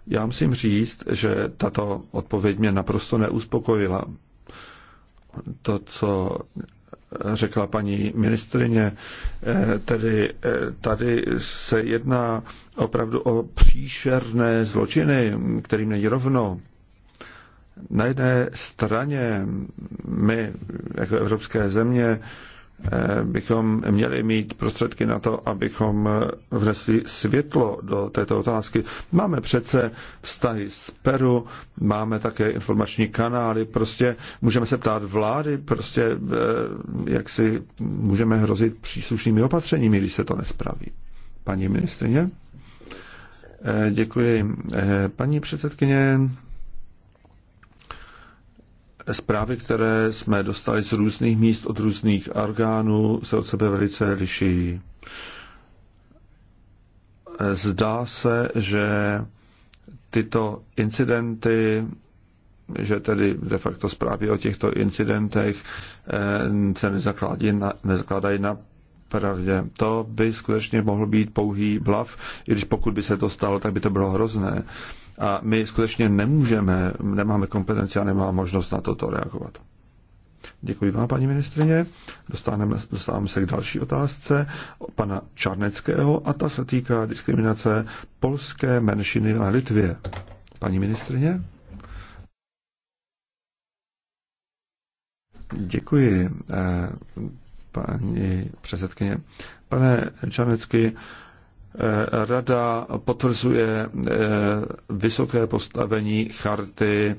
já musím říct, že tato odpověď mě naprosto neuspokojila to, co řekla paní ministrině, eh, tedy eh, tady se jedná opravdu o příšerné zločiny, kterým není rovno. Na jedné straně my, jako evropské země, Eh, bychom měli mít prostředky na to, abychom eh, vnesli světlo do této otázky. Máme přece vztahy z Peru, máme také informační kanály, prostě můžeme se ptát vlády, prostě eh, jak si můžeme hrozit příslušnými opatřeními, když se to nespraví. Paní ministrině? Děkuji. Paní předsedkyně, Zprávy, které jsme dostali z různých míst od různých orgánů, se od sebe velice liší. Zdá se, že tyto incidenty, že tedy de facto zprávy o těchto incidentech eh, se nezakládají na, nezakládají na pravdě. To by skutečně mohl být pouhý blav, i když pokud by se to stalo, tak by to bylo hrozné. A my skutečně nemůžeme, nemáme kompetenci a nemáme možnost na toto reagovat. Děkuji vám, paní ministrině. Dostáváme, dostáváme se k další otázce pana Čarneckého a ta se týká diskriminace polské menšiny na Litvě. Paní ministrině? Děkuji, eh, paní předsedkyně. Pane Čarnecky, Eh, rada potvrzuje eh, vysoké postavení charty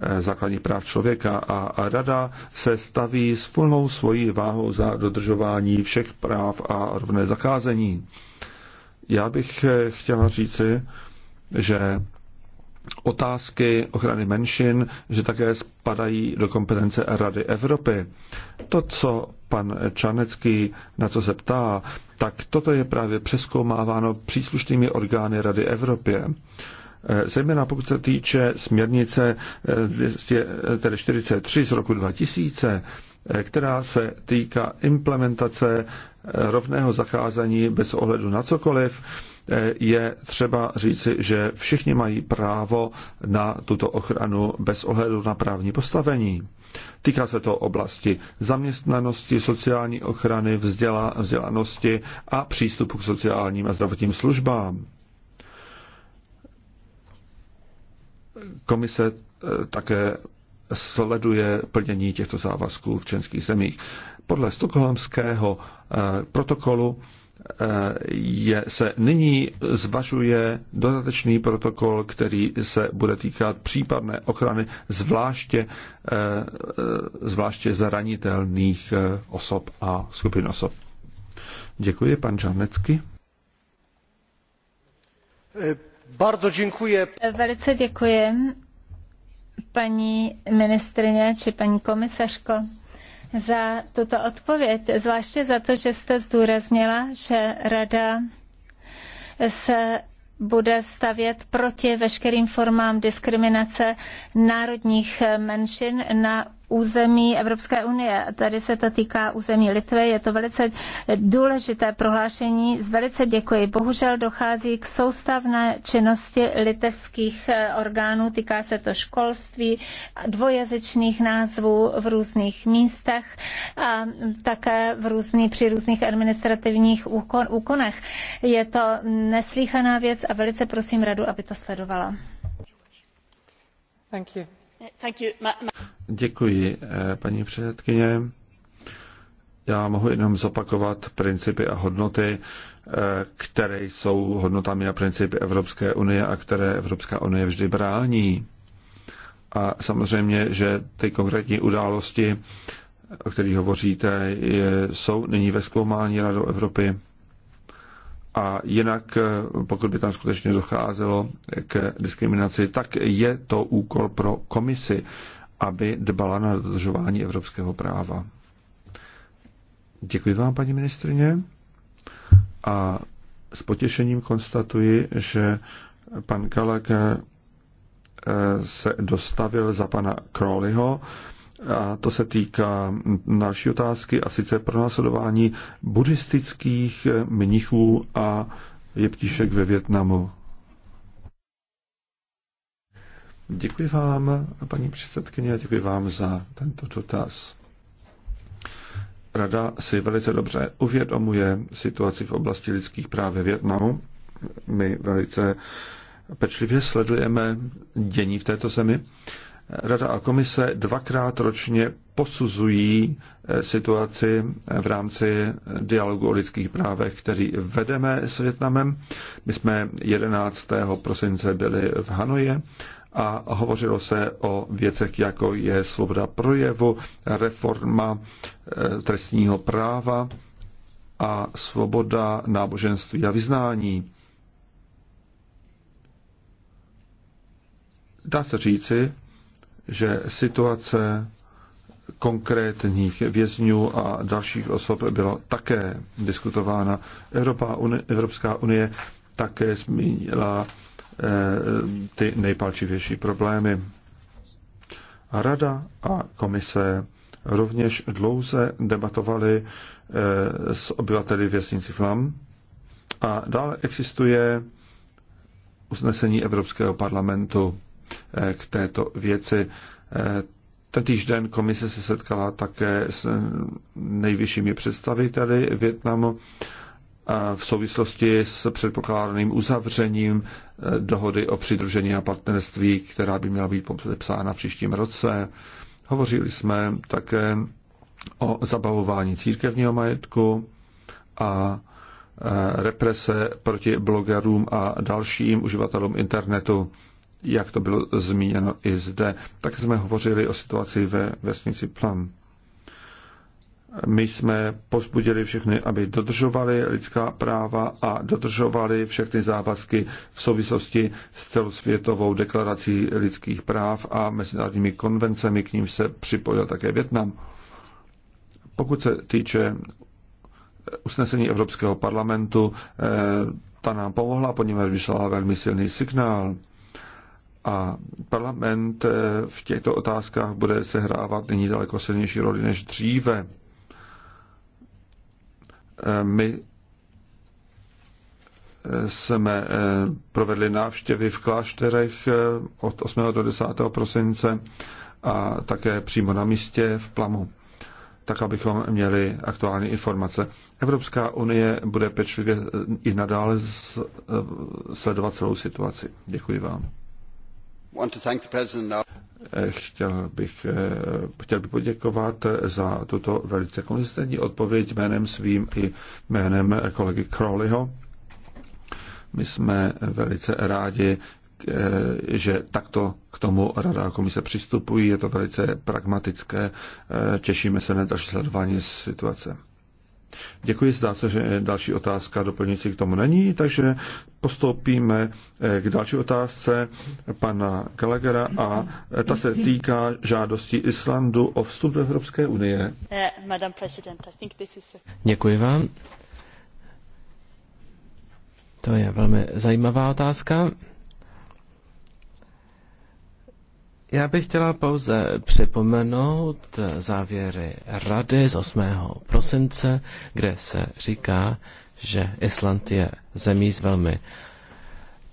eh, základních práv člověka a rada se staví s plnou svojí váhou za dodržování všech práv a rovné zacházení. Já bych chtěla říci, že otázky ochrany menšin, že také spadají do kompetence Rady Evropy. To, co pan Čanecký, na co se ptá, tak toto je právě přeskoumáváno příslušnými orgány Rady Evropě. Eh, zejména pokud se týče směrnice 43 eh, z roku 2000, eh, která se týká implementace rovného zacházení bez ohledu na cokoliv, Eh, je třeba říci, že všichni mají právo na tuto ochranu bez ohledu na právní postavení. Týká se to oblasti zaměstnanosti, sociální ochrany, vzděla, vzdělanosti a přístupu k sociálním a zdravotním službám. Komise eh, také sleduje plnění těchto závazků v členských zemích. Podle stokholmského eh, protokolu Eh, je, se nyní zvažuje dodatečný protokol, který se bude týkat případné ochrany zvláště, eh, zvláště zranitelných eh, osob a skupin osob. Děkuji, pan Žanecky. Bardzo dziękuję. Velice děkuji, paní ministrině či paní komisařko za tuto odpověď, zvláště za to, že jste zdůraznila, že Rada se bude stavět proti veškerým formám diskriminace národních menšin na území Evropské unie. Tady se to týká území Litvy. Je to velice důležité prohlášení. Velice děkuji. Bohužel dochází k soustavné činnosti litevských eh, orgánů. Týká se to školství, dvojazyčných názvů v různých místech a také v různý, při různých administrativních úkon, úkonech. Je to neslíchaná věc a velice prosím radu, aby to sledovala. Thank you. Děkuji, eh, paní předsedkyně. Já mohu jenom zopakovat principy a hodnoty, eh, které jsou hodnotami a principy Evropské unie a které Evropská unie vždy brání. A samozřejmě, že ty konkrétní události, o kterých hovoříte, jsou nyní ve zkoumání Radou Evropy a jinak, eh, pokud by tam skutečně docházelo k diskriminaci, tak je to úkol pro komisi, aby dbala na dodržování evropského práva. Děkuji vám, paní ministrině. A s potěšením konstatuji, že pan Kalak eh, se dostavil za pana Crowleyho a to se týká další otázky, a sice pronásledování buddhistických mnichů a jeptišek ve Větnamu. Děkuji vám, paní předsedkyně, a děkuji vám za tento dotaz. Rada si velice dobře uvědomuje situaci v oblasti lidských práv ve Větnamu. My velice pečlivě sledujeme dění v této zemi Rada a komise dvakrát ročně posuzují eh, situaci v rámci dialogu o lidských právech, který vedeme s Větnamem. My jsme 11. prosince byli v Hanoje a hovořilo se o věcech, jako je svoboda projevu, reforma eh, trestního práva a svoboda náboženství a vyznání. Dá se říci, že situace konkrétních vězňů a dalších osob byla také diskutována. Evropa, Evropská unie také zmínila eh, ty nejpalčivější problémy. Rada a komise rovněž dlouze debatovali eh, s obyvateli věznici Flam a dále existuje usnesení Evropského parlamentu. Eh, k této věci. Eh, Tetýž den komise se setkala také s nejvyššími představiteli Větnamu v souvislosti s předpokládaným uzavřením eh, dohody o přidružení a partnerství, která by měla být podepsána v příštím roce. Hovořili jsme také o zabavování církevního majetku a represe proti blogerům a dalším uživatelům internetu jak to bylo zmíněno i zde. Tak jsme hovořili o situaci ve vesnici Plum. My jsme pozbudili všechny, aby dodržovali lidská práva a dodržovali všechny závazky v souvislosti s celosvětovou deklarací lidských práv a mezinárodními konvencemi, k ním se připojil také Větnam. Pokud se týče eh, usnesení Evropského parlamentu, eh, ta nám pomohla, poněvadž vyšla velmi silný signál a parlament eh, v těchto otázkách bude sehrávat nyní daleko silnější roli než dříve. Eh, my eh, jsme provedli návštěvy v klášterech od 8. do 10. prosince a také přímo na místě v Plamu, tak abychom měli aktuální informace. Evropská unie bude pečlivě i nadále sledovat celou situaci. Děkuji vám. Eh, chtěl bych, eh, chtěl bych poděkovat za tuto velice konzistentní odpověď jménem svým i jménem kolegy Crowleyho. My jsme velice rádi, eh, že takto k tomu Rada a komise přistupují. Je to velice pragmatické. Těšíme se na další sledování situace. Děkuji, zdá se, že další otázka doplňující k tomu není, takže postoupíme eh, k další otázce pana Gallaghera a eh, ta se týká žádosti Islandu o vstup do Evropské unie. Eh, Děkuji vám. To je velmi zajímavá otázka. Já bych chtěla pouze připomenout závěry rady z 8. prosince, kde se říká, že Island je zemí s velmi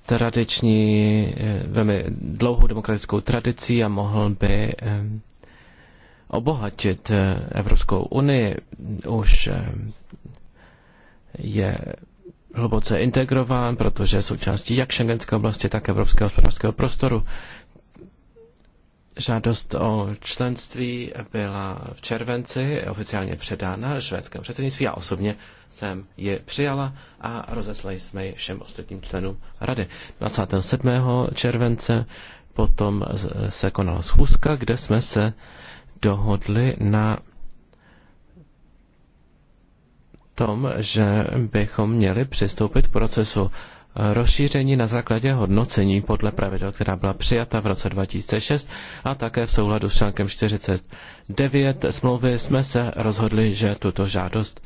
tradiční, eh, velmi dlouhou demokratickou tradicí a mohl by eh, obohatit eh, Evropskou unii. Už je hluboce integrován, protože je součástí jak šengenské oblasti, tak evropského hospodářského prostoru. Žádost o členství byla v červenci oficiálně předána švédskému předsednictví. Já osobně jsem ji přijala a rozeslali jsme ji všem ostatním členům rady. 27. července potom se konala schůzka, kde jsme se dohodli na tom, že bychom měli přistoupit k procesu rozšíření na základě hodnocení podle pravidel, která byla přijata v roce 2006 a také v souladu s článkem 49 smlouvy jsme se rozhodli, že tuto žádost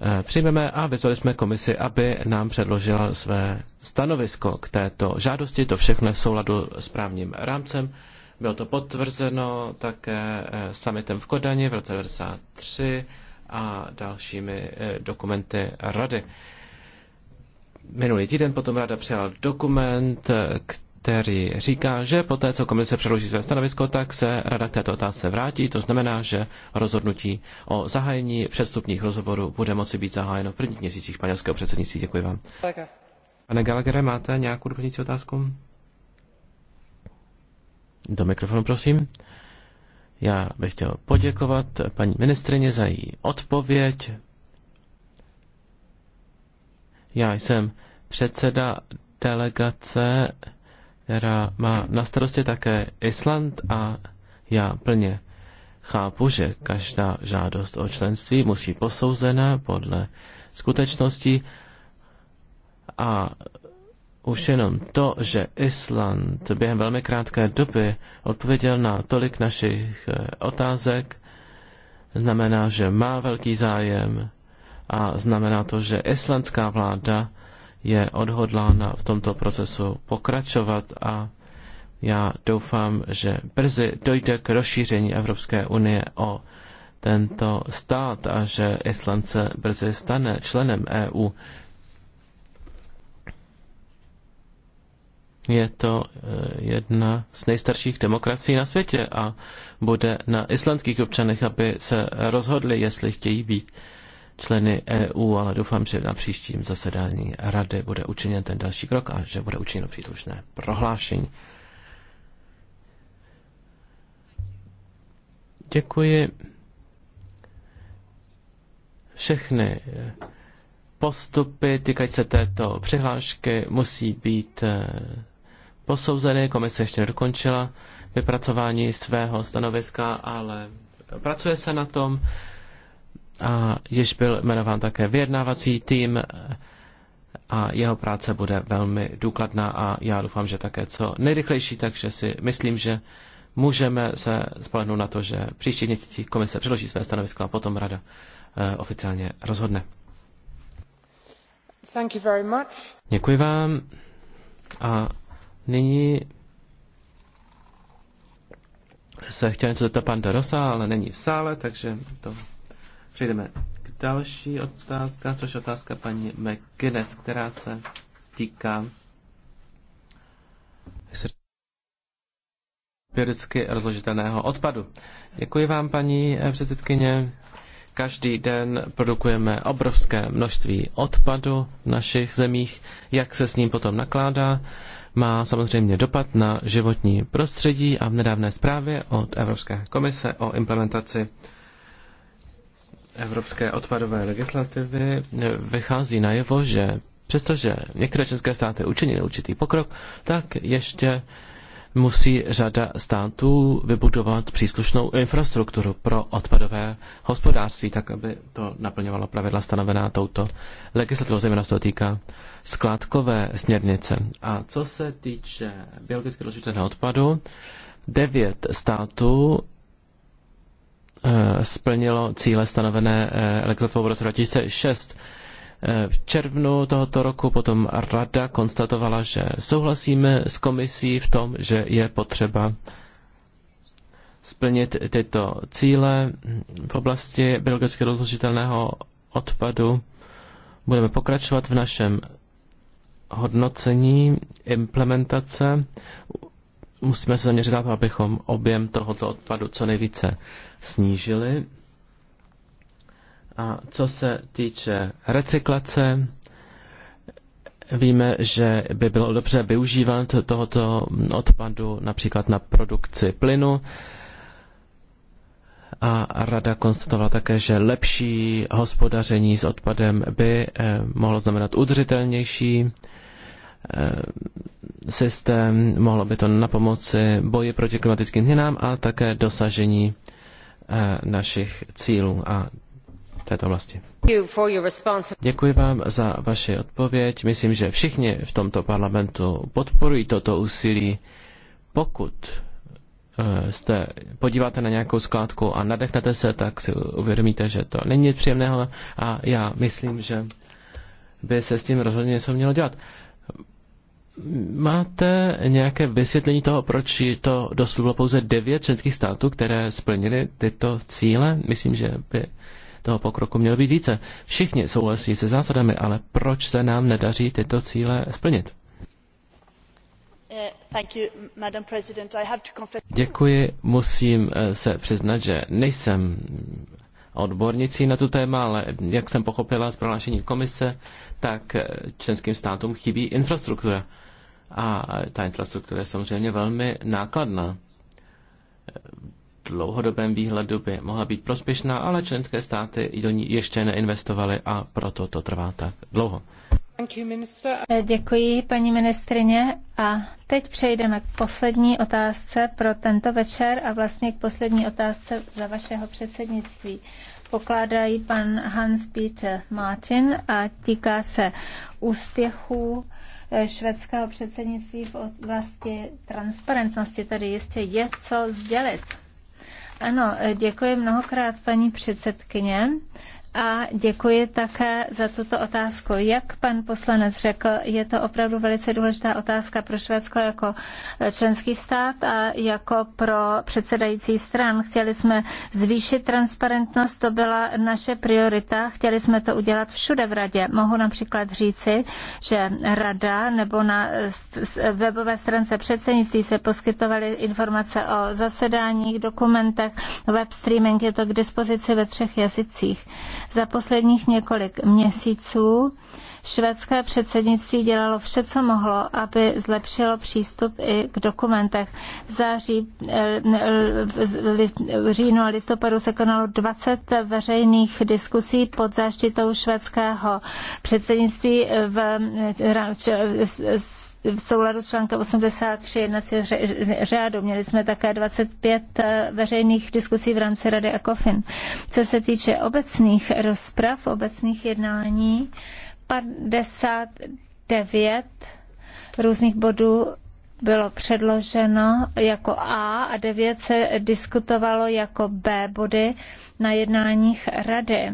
eh, přijmeme a vyzvali jsme komisi, aby nám předložila své stanovisko k této žádosti. To všechno je v souladu s právním rámcem. Bylo to potvrzeno také eh, summitem v Kodani v roce 1993 a dalšími eh, dokumenty rady. Minulý týden potom rada přijala dokument, který říká, že poté, co komise předloží své stanovisko, tak se rada k této otázce vrátí. To znamená, že rozhodnutí o zahájení přestupních rozhovorů bude moci být zahájeno v prvních měsících španělského předsednictví. Děkuji vám. Pane Gallagheri, máte nějakou doplňující otázku? Do mikrofonu, prosím. Já bych chtěl poděkovat paní ministrině za její odpověď. Já jsem předseda delegace, která má na starosti také Island a já plně chápu, že každá žádost o členství musí posouzena podle skutečnosti. a už jenom to, že Island během velmi krátké doby odpověděl na tolik našich eh, otázek, znamená, že má velký zájem a znamená to, že islandská vláda je odhodlána v tomto procesu pokračovat a já doufám, že brzy dojde k rozšíření Evropské unie o tento stát a že Island se brzy stane členem EU. Je to eh, jedna z nejstarších demokracií na světě a bude na islandských občanech, aby se rozhodli, jestli chtějí být členy EU, ale doufám, že na příštím zasedání Rady bude učiněn ten další krok a že bude učiněno příslušné prohlášení. Děkuji všechny postupy týkající se této přihlášky musí být eh, posouzeny. Komise ještě nedokončila vypracování svého stanoviska, ale pracuje se na tom a již byl jmenován také vyjednávací tým a jeho práce bude velmi důkladná a já doufám, že také co nejrychlejší, takže si myslím, že můžeme se spolehnout na to, že příští měsící komise přeloží své stanovisko a potom rada eh, oficiálně rozhodne. Thank you very much. Děkuji vám. A nyní se chtěl něco zeptat pan Dorosa, ale není v sále, takže to Přejdeme k další otázka, což je otázka paní McGuinness, která se týká periodicky rozložitelného odpadu. Děkuji vám, paní předsedkyně. Každý den produkujeme obrovské množství odpadu v našich zemích. Jak se s ním potom nakládá, má samozřejmě dopad na životní prostředí a v nedávné zprávě od Evropské komise o implementaci evropské odpadové legislativy e, vychází najevo, že přestože některé české státy učinily určitý pokrok, tak ještě musí řada států vybudovat příslušnou infrastrukturu pro odpadové hospodářství, tak aby to naplňovalo pravidla stanovená touto legislativou, zejména se to týká skládkové směrnice. A co se týče biologicky rozličného odpadu, devět států Eh, splnilo cíle stanovené eh, legislativou v roce 2006. Eh, v červnu tohoto roku potom rada konstatovala, že souhlasíme s komisí v tom, že je potřeba splnit tyto cíle v oblasti biologicky rozložitelného odpadu. Budeme pokračovat v našem hodnocení implementace. Musíme se zaměřit na to, abychom objem tohoto odpadu co nejvíce snížily. A co se týče recyklace, víme, že by bylo dobře využívat tohoto odpadu například na produkci plynu. A rada konstatovala také, že lepší hospodaření s odpadem by eh, mohlo znamenat udržitelnější eh, systém, mohlo by to na pomoci boji proti klimatickým změnám a také dosažení Eh, našich cílů a této oblasti. Děkuji vám za vaši odpověď. Myslím, že všichni v tomto parlamentu podporují toto úsilí. Pokud eh, jste, podíváte na nějakou skládku a nadechnete se, tak si uvědomíte, že to není nic příjemného a já myslím, že by se s tím rozhodně něco mělo dělat. Máte nějaké vysvětlení toho, proč to bylo pouze devět členských států, které splnily tyto cíle? Myslím, že by toho pokroku mělo být více. Všichni souhlasí se zásadami, ale proč se nám nedaří tyto cíle splnit? Eh, Děkuji, musím eh, se přiznat, že nejsem odbornicí na tu téma, ale jak jsem pochopila z prohlášení komise, tak eh, členským státům chybí infrastruktura. A ta infrastruktura je samozřejmě velmi nákladná. V dlouhodobém výhledu by mohla být prospěšná, ale členské státy do ní ještě neinvestovaly a proto to trvá tak dlouho. Děkuji, paní ministrině. A teď přejdeme k poslední otázce pro tento večer a vlastně k poslední otázce za vašeho předsednictví. Pokládají pan Hans-Peter Martin a týká se úspěchů švédského předsednictví v oblasti transparentnosti. Tady jistě je co sdělit. Ano, děkuji mnohokrát paní předsedkyně. A děkuji také za tuto otázku. Jak pan poslanec řekl, je to opravdu velice důležitá otázka pro Švédsko jako členský stát a jako pro předsedající stran. Chtěli jsme zvýšit transparentnost, to byla naše priorita. Chtěli jsme to udělat všude v radě. Mohu například říci, že rada nebo na webové stránce předsednictví se poskytovaly informace o zasedáních, dokumentech, web streaming je to k dispozici ve třech jazycích. Za posledních několik měsíců švédské předsednictví dělalo vše, co mohlo, aby zlepšilo přístup i k dokumentech. V září, eh, eh, říjnu a listopadu se konalo 20 veřejných diskusí pod záštitou švédského předsednictví v eh, v souladu s článkem 83 jednacího řádu. Měli jsme také 25 eh, veřejných diskusí v rámci Rady a kofin. Co se týče obecných rozprav, obecných jednání, 59 různých bodů bylo předloženo jako A a 9 se diskutovalo jako B body na jednáních rady.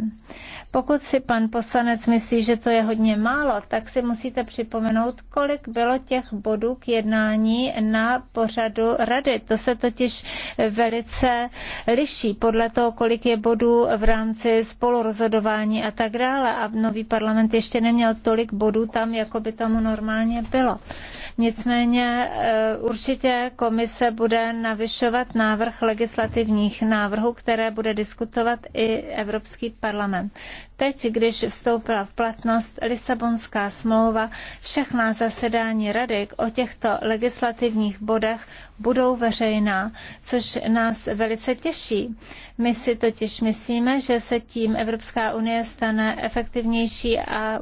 Pokud si pan poslanec myslí, že to je hodně málo, tak si musíte připomenout, kolik bylo těch bodů k jednání na pořadu rady. To se totiž velice liší podle toho, kolik je bodů v rámci spolurozhodování a tak dále. A nový parlament ještě neměl tolik bodů tam, jako by tomu normálně bylo. Nicméně eh, určitě komise bude navyšovat návrh legislativních návrhů, které bude diskutovat i Evropský parlament. Teď, když vstoupila v platnost Lisabonská smlouva, všechna zasedání rady o těchto legislativních bodech budou veřejná, což nás velice těší. My si totiž myslíme, že se tím Evropská unie stane efektivnější a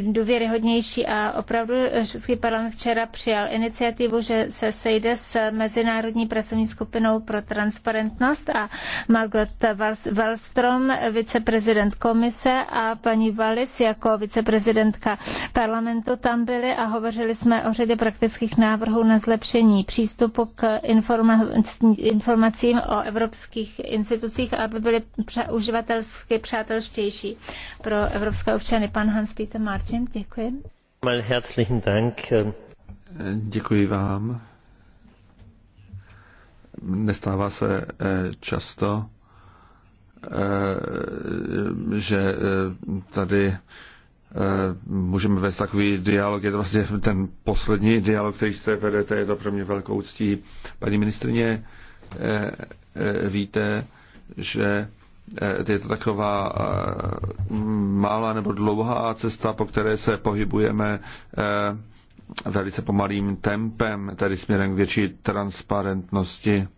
důvěryhodnější a opravdu český parlament včera přijal iniciativu, že se sejde s Mezinárodní pracovní skupinou pro transparentnost a Margot Wallström, viceprezident komise a paní Wallis jako viceprezidentka parlamentu tam byly a hovořili jsme o řadě praktických návrhů na zlepšení přístupu k informacím o evropských institucích, aby byly uživatelsky přátelštější pro evropské občany. Pan Hans-Peter Martin, děkuji. Mal herzlichen Dank. Děkuji vám. Nestává se eh, často, eh, že eh, tady Eh, můžeme vést takový dialog. Je to vlastně ten poslední dialog, který jste vedete, je to pro mě velkou ctí. Paní ministrině, eh, eh, víte, že je to taková malá nebo dlouhá cesta, po které se pohybujeme velice pomalým tempem, tedy směrem k větší transparentnosti.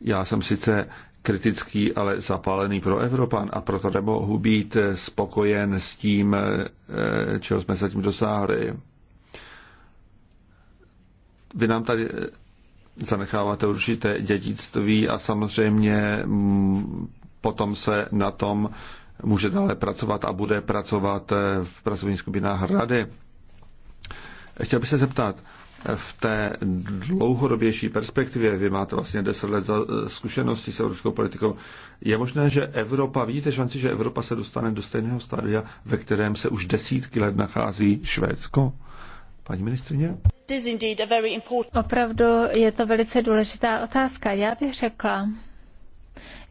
Já jsem sice kritický, ale zapálený pro Evropan a proto nemohu být spokojen s tím, eh, čeho jsme zatím dosáhli. Vy nám tady eh, zanecháváte určité dědictví a samozřejmě mm, potom se na tom může dále pracovat a bude pracovat eh, v pracovních skupinách rady. Chtěl bych se zeptat, v té dlouhodobější perspektivě, vy máte vlastně deset let za eh, zkušenosti s evropskou politikou, je možné, že Evropa, vidíte šanci, že Evropa se dostane do stejného stádia, ve kterém se už desítky let nachází Švédsko? Paní ministrině? Opravdu je to velice důležitá otázka. Já bych řekla,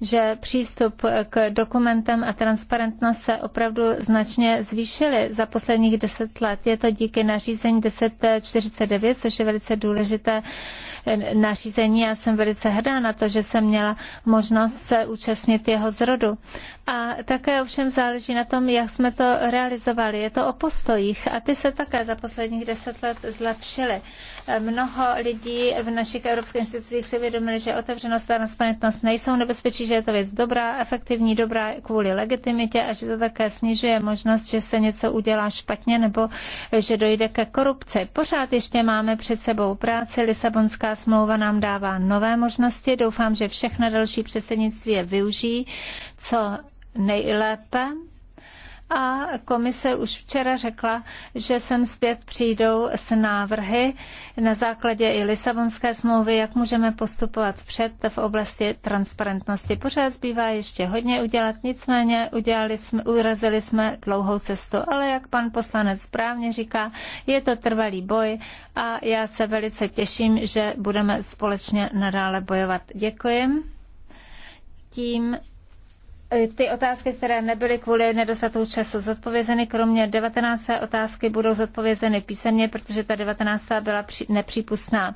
že přístup k dokumentem a transparentnost se opravdu značně zvýšily za posledních deset let. Je to díky nařízení 1049, což je velice důležité nařízení. Já jsem velice hrdá na to, že jsem měla možnost se účastnit jeho zrodu. A také ovšem záleží na tom, jak jsme to realizovali. Je to o postojích a ty se také za posledních deset let zlepšily. Mnoho lidí v našich evropských institucích si uvědomili, že otevřenost a transparentnost nejsou nebezpečí, že je to věc dobrá, efektivní, dobrá kvůli legitimitě a že to také snižuje možnost, že se něco udělá špatně nebo že dojde ke korupci. Pořád ještě máme před sebou práci. Lisabonská smlouva nám dává nové možnosti. Doufám, že všechna další předsednictví je využijí co nejlépe a komise už včera řekla, že sem zpět přijdou s návrhy na základě i Lisabonské smlouvy, jak můžeme postupovat před v oblasti transparentnosti. Pořád zbývá ještě hodně udělat, nicméně udělali jsme, urazili jsme dlouhou cestu, ale jak pan poslanec správně říká, je to trvalý boj a já se velice těším, že budeme společně nadále bojovat. Děkuji. Tím Eh, ty otázky, které nebyly kvůli nedostatku času zodpovězeny, kromě 19. otázky, budou zodpovězeny písemně, protože ta 19. byla nepřípustná.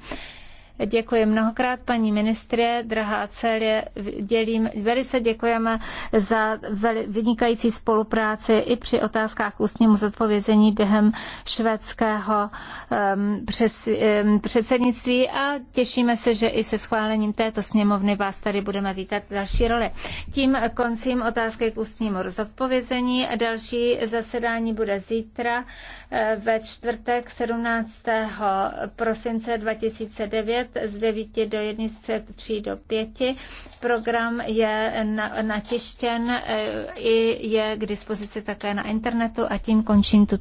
Děkuji mnohokrát, paní ministrě, drahá celě, dělím, velice děkujeme za vynikající spolupráci i při otázkách ústnímu zodpovězení během švédského um, přes, um, předsednictví a těšíme se, že i se schválením této sněmovny vás tady budeme vítat v další roli. Tím koncím otázky k ústnímu zodpovězení. Další zasedání bude zítra eh, ve čtvrtek 17. prosince 2009 9, z 9 do 1, z 3 do 5. Program je natištěn eh, i je k dispozici také na internetu a tím končím tuto